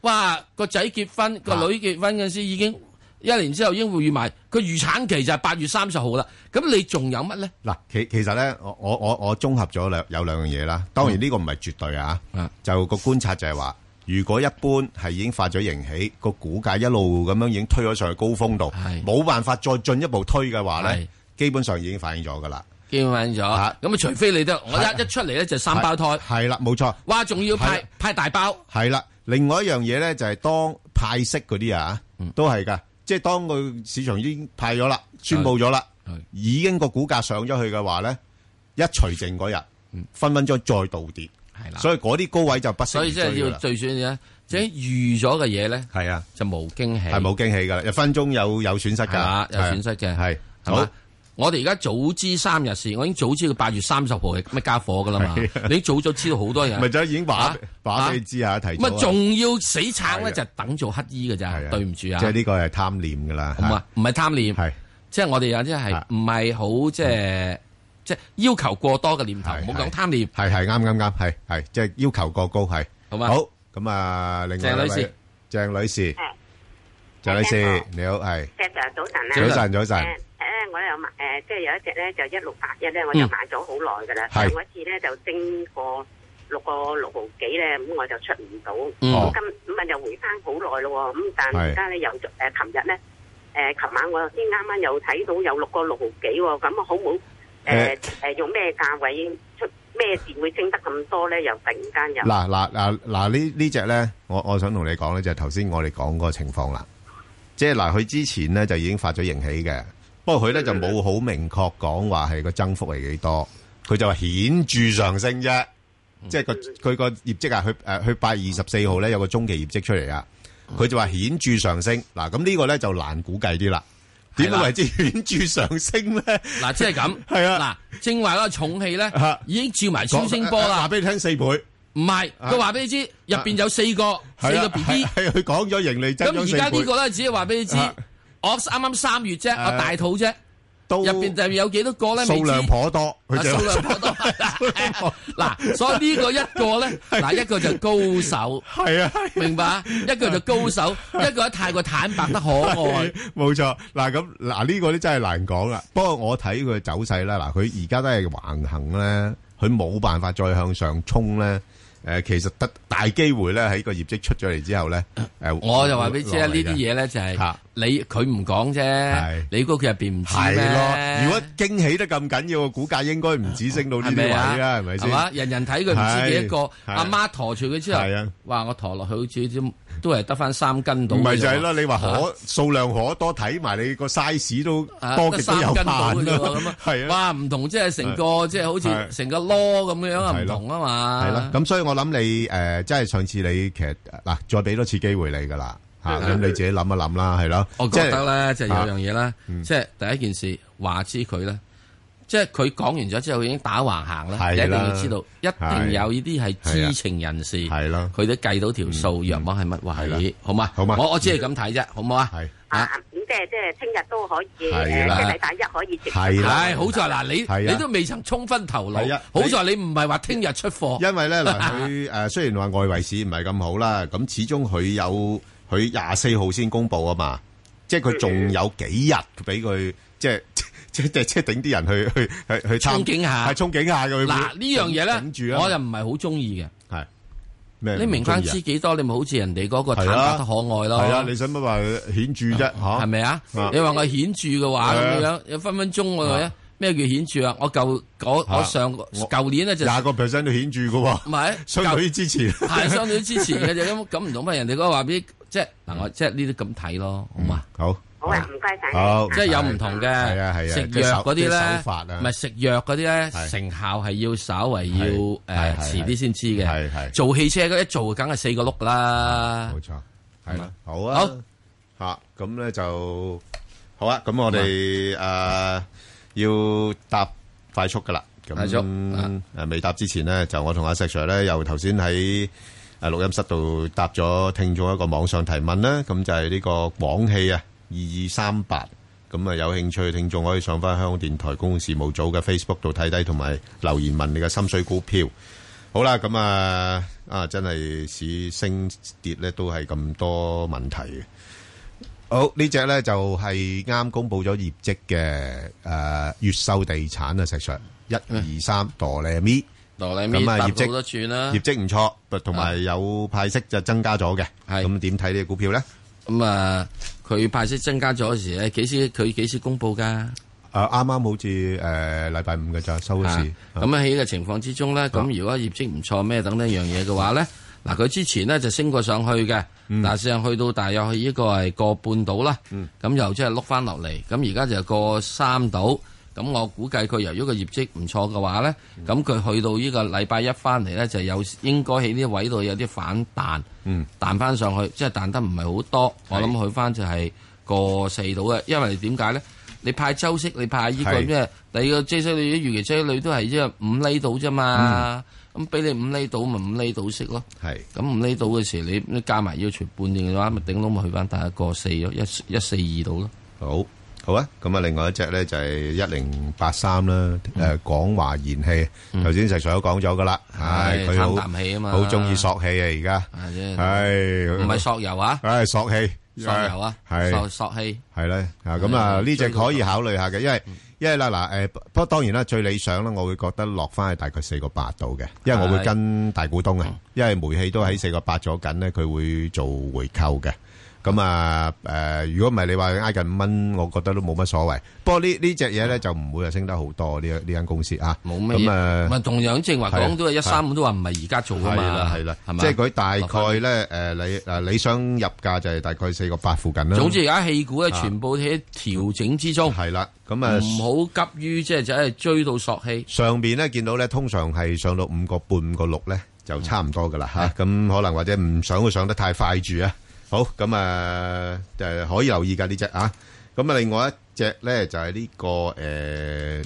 哇個仔結婚個女結婚嗰時，已經、啊、一年之後已經會預埋，佢預產期就係八月三十號啦。咁你仲有乜咧？嗱，其其實咧，我我我我綜合咗兩有兩樣嘢啦。當然呢個唔係絕對啊，就個觀察就係話。如果一般係已經發咗型起，個股價一路咁樣已經推咗上去高峰度，冇辦法再進一步推嘅話咧，基本上已經反映咗噶啦。反映咗，咁啊，除非你都我一一出嚟，咧就三胞胎，係啦，冇錯。哇，仲要派派大包，係啦。另外一樣嘢咧就係當派息嗰啲啊，都係噶即係當佢市場已經派咗啦，宣布咗啦，已經個股價上咗去嘅話咧，一除淨嗰日，分分鐘再度跌。所以嗰啲高位就不適宜追啦。所以即係要最選嘅，即係預咗嘅嘢咧。係啊，就冇驚喜，係冇驚喜㗎。一分鐘有有損失㗎，有損失嘅係。好，我哋而家早知三日事，我已經早知佢八月三十號係咩家伙㗎啦嘛。你早早知道好多人，咪就已經話話俾你知啊，提早。咁啊，仲要死撐咧，就等做乞衣㗎咋？對唔住啊，即係呢個係貪念㗎啦。唔啊，唔係貪念，係即係我哋有啲係唔係好即係。即係要求過多嘅念頭，唔好講貪念。係係啱啱啱，係係即係要求過高，係好嘛？好咁啊！另外咧，鄭女士，鄭女士，鄭女士你好，係早晨，早晨，早晨。誒，我咧有買誒，即係有一隻咧就一六八一咧，我就買咗好耐噶啦。上一次咧就升過六個六毫幾咧，咁我就出唔到。我今咁啊又回翻好耐咯，咁但係而家咧又誒，琴日咧誒，琴晚我先啱啱又睇到有六個六毫幾，咁啊好唔好？誒誒，uh, uh, 用咩價位出咩電會升得咁多咧？又突然間又嗱嗱嗱嗱，呢呢隻咧，我我想同你講咧，就係頭先我哋講個情況啦。即係嗱，佢、啊、之前咧就已經發咗盈喜嘅，不過佢咧的就冇好明確講話係個增幅係幾多。佢就話顯著上升啫，即係個佢個業績啊，去誒去八月二十四號咧有個中期業績出嚟啊，佢就話顯著上升。嗱、嗯，咁、這、呢個咧就難估計啲啦。點為之顯著上升咧？嗱，即係咁，係啊，嗱、就是， 啊、正話嗰個重氣咧，啊、已經照埋超聲波啦。話俾、啊啊、你聽四倍，唔係是，佢話俾你知，入邊有四個、啊、四個 B B。係佢講咗盈利增長四倍。咁而家呢個咧，只係話俾你知，我啱啱三月啫，啊、我大肚啫。入邊就有幾多個咧，數量頗多，佢就數量頗多。嗱 啊 啊，所以呢個一個咧，嗱一個就高手，係啊，明白？一個就高手， 一個太過坦白得可愛。冇錯，嗱咁嗱呢個都真係難講啊。不過我睇佢走勢啦，嗱佢而家都係橫行咧，佢冇辦法再向上衝咧。誒，其實得大機會咧，喺個業績出咗嚟之後咧，誒，我就話俾你知啊，呢啲嘢咧就係你佢唔講啫，你估佢入邊唔知咩？係咯，如果驚喜得咁緊要，股價應該唔止升到呢啲位啊，係咪先？係人人睇佢唔知幾一個阿媽陀住佢之後，話我陀落去好似咁。都係得翻三斤到，唔係就係咯。你話可數量可多，睇埋你個 size 都多嘅都有斤啦。係啊，哇，唔同即係成個即係好似成個籮咁樣啊，唔同啊嘛。係啦，咁所以我諗你誒，即係上次你其實嗱，再俾多次機會你噶啦吓，咁你自己諗一諗啦，係咯。我覺得咧，即係有樣嘢啦，即係第一件事，話知佢咧。即係佢講完咗之後，佢已經打橫行啦。係啦，一定要知道，一定有呢啲係知情人士。係咯，佢都計到條數，陽光係乜話？好嘛，好嘛。我我只係咁睇啫，好唔好啊？係啊，咁即係即係聽日都可以，即係禮拜一可以接。係啦，係好在嗱，你你都未曾充分投入。係啊，好在你唔係話聽日出貨。因為咧，佢誒雖然話外圍市唔係咁好啦，咁始終佢有佢廿四號先公布啊嘛，即係佢仲有幾日俾佢即係。即係即係頂啲人去去去去憧憬下，係憧憬下嘅。嗱呢樣嘢咧，我又唔係好中意嘅。係咩？你明翻知幾多？你咪好似人哋嗰個坦白可愛咯。係啊，你想乜話顯著啫？吓，係咪啊？你話我顯著嘅話咁樣，你分分鐘我咩叫顯著啊？我舊我上舊年咧就廿個 percent 都顯著嘅。唔係，相對於之前係相對於之前嘅就咁咁唔同。乜人哋嗰個話俾即係嗱我即係呢啲咁睇咯。好嘛，好。好啊，唔該曬。好，即係有唔同嘅。係啊係啊，食藥嗰啲咧，唔係食藥嗰啲咧，成效係要稍微要誒遲啲先知嘅。係係。做汽車嗰一做，梗係四個轆㗎啦。冇錯，係啦。好啊。好嚇，咁咧就好啊。咁我哋誒要搭快速㗎啦。咁快速，誒未搭之前咧，就我同阿石 Sir 咧，由頭先喺誒錄音室度搭咗，聽眾一個網上提問啦。咁就係呢個廣汽啊。二二三八咁啊，有興趣嘅聽眾可以上翻香港電台公共事務組嘅 Facebook 度睇睇，同埋留言問你嘅心水股票。好啦，咁啊啊，真係市升跌咧都係咁多問題嘅。好，呢隻咧就係啱公布咗業績嘅誒，越秀地產啊，石尚一二三哆嚟咪哆嚟咪咁啊，業績都轉啦，業績唔錯，同埋有派息就增加咗嘅。係咁點睇呢啲股票咧？咁啊，佢、嗯、派息增加咗時咧，幾時佢幾時公布噶？啊，啱啱好似誒禮拜五嘅咋收市。咁喺呢個情況之中咧，咁如果業績唔錯咩等等樣嘢嘅話咧，嗱佢之前咧就升過上去嘅，但係上去到大約去依個係個半度啦，咁又即係碌翻落嚟，咁而家就個三度。咁我估計佢由於個業績唔錯嘅話咧，咁佢、嗯、去到個呢個禮拜一翻嚟咧，就有應該喺呢個位度有啲反彈，嗯、彈翻上去，即係彈得唔係好多。是 我諗去翻就係個四度嘅，因為點解咧？你派周息，你派依個咩是？ 第二個即息，嗯、你預期息你都係即係五厘度啫嘛。咁俾你五厘度咪五厘到息咯。係咁五厘度嘅時，你加埋要除半年嘅話，咪頂籠咪去翻大概個四咯，一一四二度咯。好。好啊，咁啊，另外一隻咧就係一零八三啦，誒，港華燃氣，頭先齊 sir 都講咗噶啦，係佢好，好中意索氣啊，而家係，唔係索油啊，係索氣，索油啊，係索索氣，係啦，啊，咁啊，呢隻可以考慮下嘅，因為，因為啦，嗱，誒，不過當然啦，最理想啦，我會覺得落翻係大概四個八度嘅，因為我會跟大股東啊，因為煤氣都喺四個八咗緊咧，佢會做回購嘅。咁啊，誒，如果唔係你話挨近五蚊，我覺得都冇乜所謂。不過呢呢隻嘢咧就唔會啊升得好多，呢呢間公司啊。冇咩？唔係同樣正話講都係一三五都話唔係而家做啊嘛。係啦係啦，係咪？即係佢大概咧誒，你誒你想入價就係大概四個八附近啦。總之而家氣股咧全部喺調整之中。係啦，咁啊，唔好急於即係再追到索氣。上邊咧見到咧，通常係上到五個半、五個六咧就差唔多噶啦嚇。咁可能或者唔想佢上得太快住啊。好，咁啊，誒、嗯、可以留意噶呢隻啊。咁啊，另外一隻咧就係呢、這個誒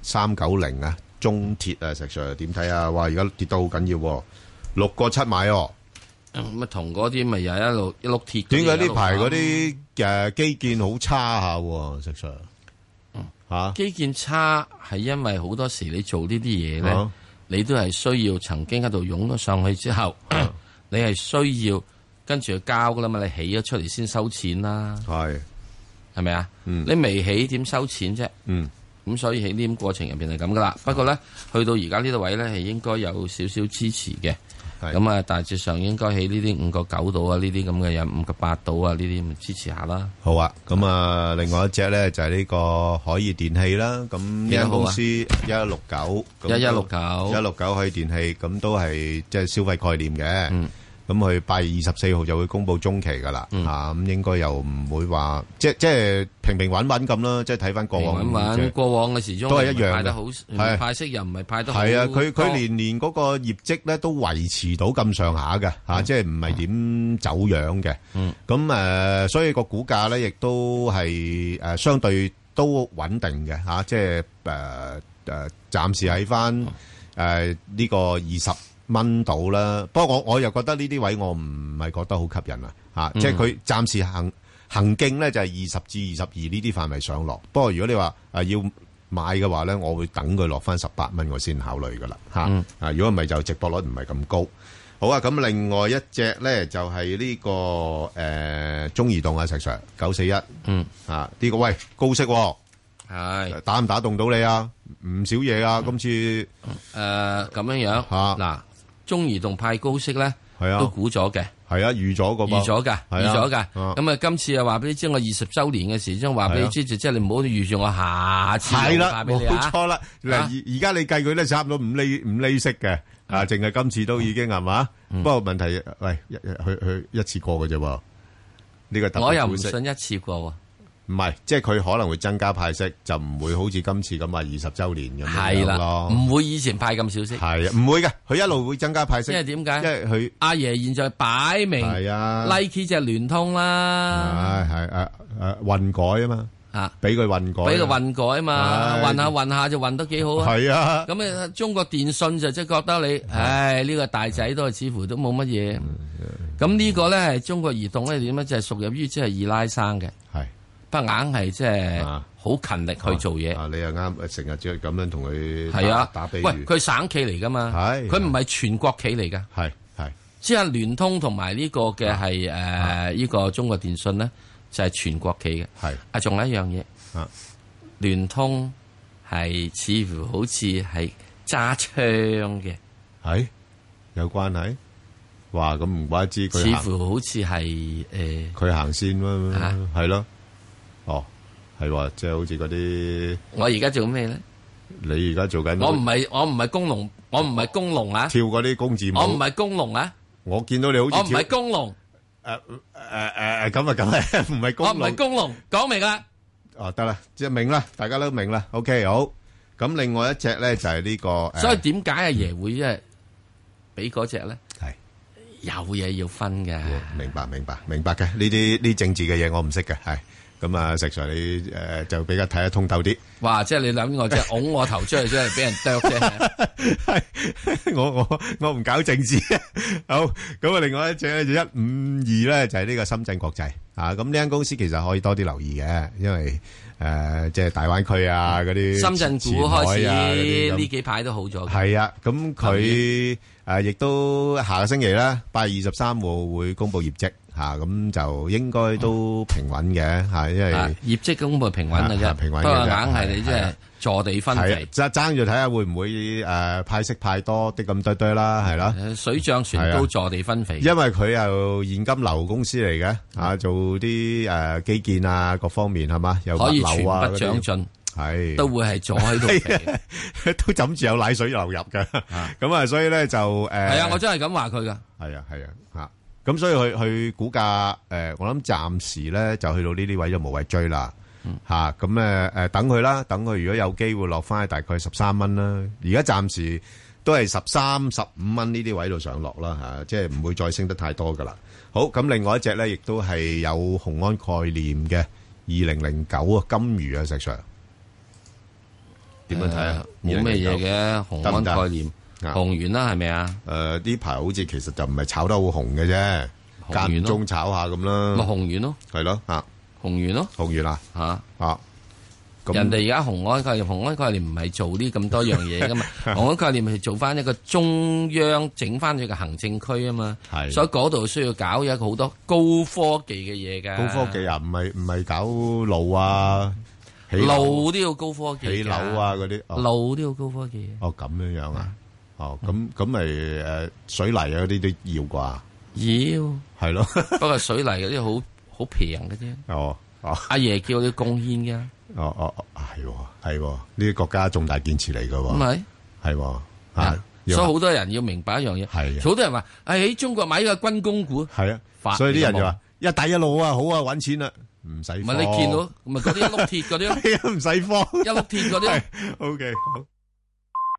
三九零啊，呃、90，中鐵、嗯、啊，石、Sir? s i 點睇啊？哇，而家跌得好緊要，六個七買哦。咁啊，同嗰啲咪又一路一碌鐵。點解呢排嗰啲誒基建好差下？石 s i 吓基建差係因為好多時你做呢啲嘢咧，嗯、你都係需要曾經喺度湧咗上去之後，嗯、 你係需要。跟住去交噶啦嘛，你起咗出嚟先收錢啦，係係咪啊？吧嗯、你未起點收錢啫？嗯，咁所以喺呢個過程入邊係咁噶啦。不過咧，嗯、去到而家呢個位咧，係應該有少少支持嘅。咁啊是，大致上應該喺呢啲五個九度啊，呢啲咁嘅有五個八度啊，呢啲咁支持下啦。好啊，咁啊，另外一隻咧就係、是、呢個海爾電器啦。咁呢間公司一一六九，一一六九，一六九海爾電器，咁、啊、都係即係消費概念嘅。嗯咁佢八月二十四號就會公布中期噶啦，吓，咁應該又唔會話即係即係平平穩穩咁啦，即係睇翻過往。穩穩過往嘅時鐘都係一樣，派得好係派息又唔係派得好。係啊，佢佢年年嗰個業績咧都維持到咁上下嘅吓，即係唔係點走樣嘅。嗯，咁誒，所以個股價咧亦都係誒相對都穩定嘅吓，即係誒誒，暫時喺翻誒呢個二十。問到啦，不過我我又覺得呢啲位我唔係覺得好吸引啊，嚇、嗯！即係佢暫時行行徑咧就係二十至二十二呢啲範圍上落。不過如果你話誒要買嘅話咧，我會等佢落返十八蚊，我先考慮㗎喇，嚇！啊，如果唔係就直播率唔係咁高。好啊，咁另外一隻咧就係、是、呢、這個誒、呃、中移動嘅石 Sir, 41, s 九四一，嗯啊，呢、這個喂高息喎、哦，是打唔打動到你啊？唔、嗯、少嘢啊，今次誒咁、嗯呃、樣樣嚇嗱。啊啊中移動派高息咧，都估咗嘅，係啊，預咗噶嘛，預咗噶，預咗噶。咁啊，今次又話俾你知我二十週年嘅時，將話俾你知，即係你唔好預住我下次派俾你啊。冇錯啦，而而家你計佢都差唔多五厘五厘息嘅，啊，淨係今次都已經係嘛。不過問題，喂，一去去一次過嘅啫喎，呢個我又唔信一次過。唔係，即係佢可能會增加派息，就唔會好似今次咁話二十週年咁樣咯。唔會以前派咁少息。係啊，唔會嘅，佢一路會增加派息。即係點解？即係佢阿爺現在擺明。係啊。like 即係聯通啦。係係啊，誒，混改啊嘛。吓。俾佢混改。俾佢混改啊嘛，混下混下就混得幾好啊。係啊。咁啊，中國電信就即係覺得你，唉，呢個大仔都似乎都冇乜嘢。咁呢個咧中國移動咧點樣就係屬入於即係二奶生嘅。係。佢硬係即係好勤力去做嘢。啊，你又啱，成日只係咁樣同佢打打比喻。喂，佢省企嚟噶嘛？係。佢唔係全國企嚟噶。係係。即係聯通同埋呢個嘅係誒呢個中國電信咧，就係全國企嘅。係。啊，仲有一樣嘢。啊，聯通係似乎好似係揸槍嘅。係。有關係？哇！咁唔怪之，佢，似乎好似係誒佢行先啦，係咯。係話即係好似嗰啲，我而家做咩咧？你而家做緊咩？我唔係我唔係工農，我唔係工農啊！跳嗰啲工字舞，我唔係工農啊！我見到你好似跳，我唔係工農。誒誒誒，咁啊咁啊，唔係工，啊啊啊啊、農我唔係工農，講明啦。哦，得啦，即係明啦，大家都明啦。OK，好。咁另外一隻咧就係呢個，所以點解阿爺會即係俾嗰隻咧？係有嘢要分嘅。明白，明白，明白嘅呢啲呢政治嘅嘢我唔識嘅係。咁啊，石 Sir 你誒就比較睇得通透啲。哇！即係你諗我即係拱我頭出去，真係俾人剁啫。係我我我唔搞政治。好，咁啊，另外一隻就一五二咧，就係呢個深圳國際啊。咁呢間公司其實可以多啲留意嘅，因為誒即係大灣區啊嗰啲深圳股開始呢幾排都好咗。係啊，咁佢誒亦都下個星期咧八月二十三號會公布業績。吓咁就應該都平穩嘅，係因為業績根本係平穩嘅啫，都係梗係你即係坐地分肥，爭爭住睇下會唔會誒派息派多啲咁多堆啦，係啦，水漲船高坐地分肥，因為佢又現金流公司嚟嘅，啊做啲誒基建啊各方面係嘛，有物流啊嗰啲，係都會係坐喺度，都枕住有奶水流入嘅，咁啊所以咧就誒，係啊，我真係咁話佢噶，係啊係啊吓。咁所以佢佢股價誒，我諗暫時咧就去到呢啲位就無謂追啦，吓咁誒誒等佢啦，等佢如果有機會落翻去大概十三蚊啦。而家暫時都係十三十五蚊呢啲位度上落啦吓，即係唔會再升得太多噶啦。好，咁另外一隻咧亦都係有紅安概念嘅二零零九啊，金魚啊，石 Sir 點樣睇啊？冇咩嘢嘅紅安概念。紅園啦，係咪啊？誒，呢排好似其實就唔係炒得好紅嘅啫，間中炒下咁啦。咪紅園咯，係咯吓，紅園咯，紅園啊吓吓。人哋而家雄安概念，雄安概念唔係做啲咁多樣嘢噶嘛，雄安概念係做翻一個中央整翻佢嘅行政區啊嘛。所以嗰度需要搞一個好多高科技嘅嘢噶。高科技啊，唔係唔係搞路啊，路都要高科技。起樓啊，嗰啲路都要高科技。哦，咁樣樣啊。哦，咁咁咪誒水泥啊啲都要啩？要係咯，不過水泥嗰啲好好平嘅啫。哦阿爺叫你貢獻嘅。哦哦哦，係係呢啲國家重大建設嚟嘅。唔係係啊，所以好多人要明白一樣嘢。係好多人話誒，喺中國買呢個軍工股。係啊，所以啲人就話一帶一路啊好啊，揾錢啊，唔使。唔係你見到咁啊？嗰啲一碌鐵嗰啲，唔使放一碌鐵嗰啲。O K 好。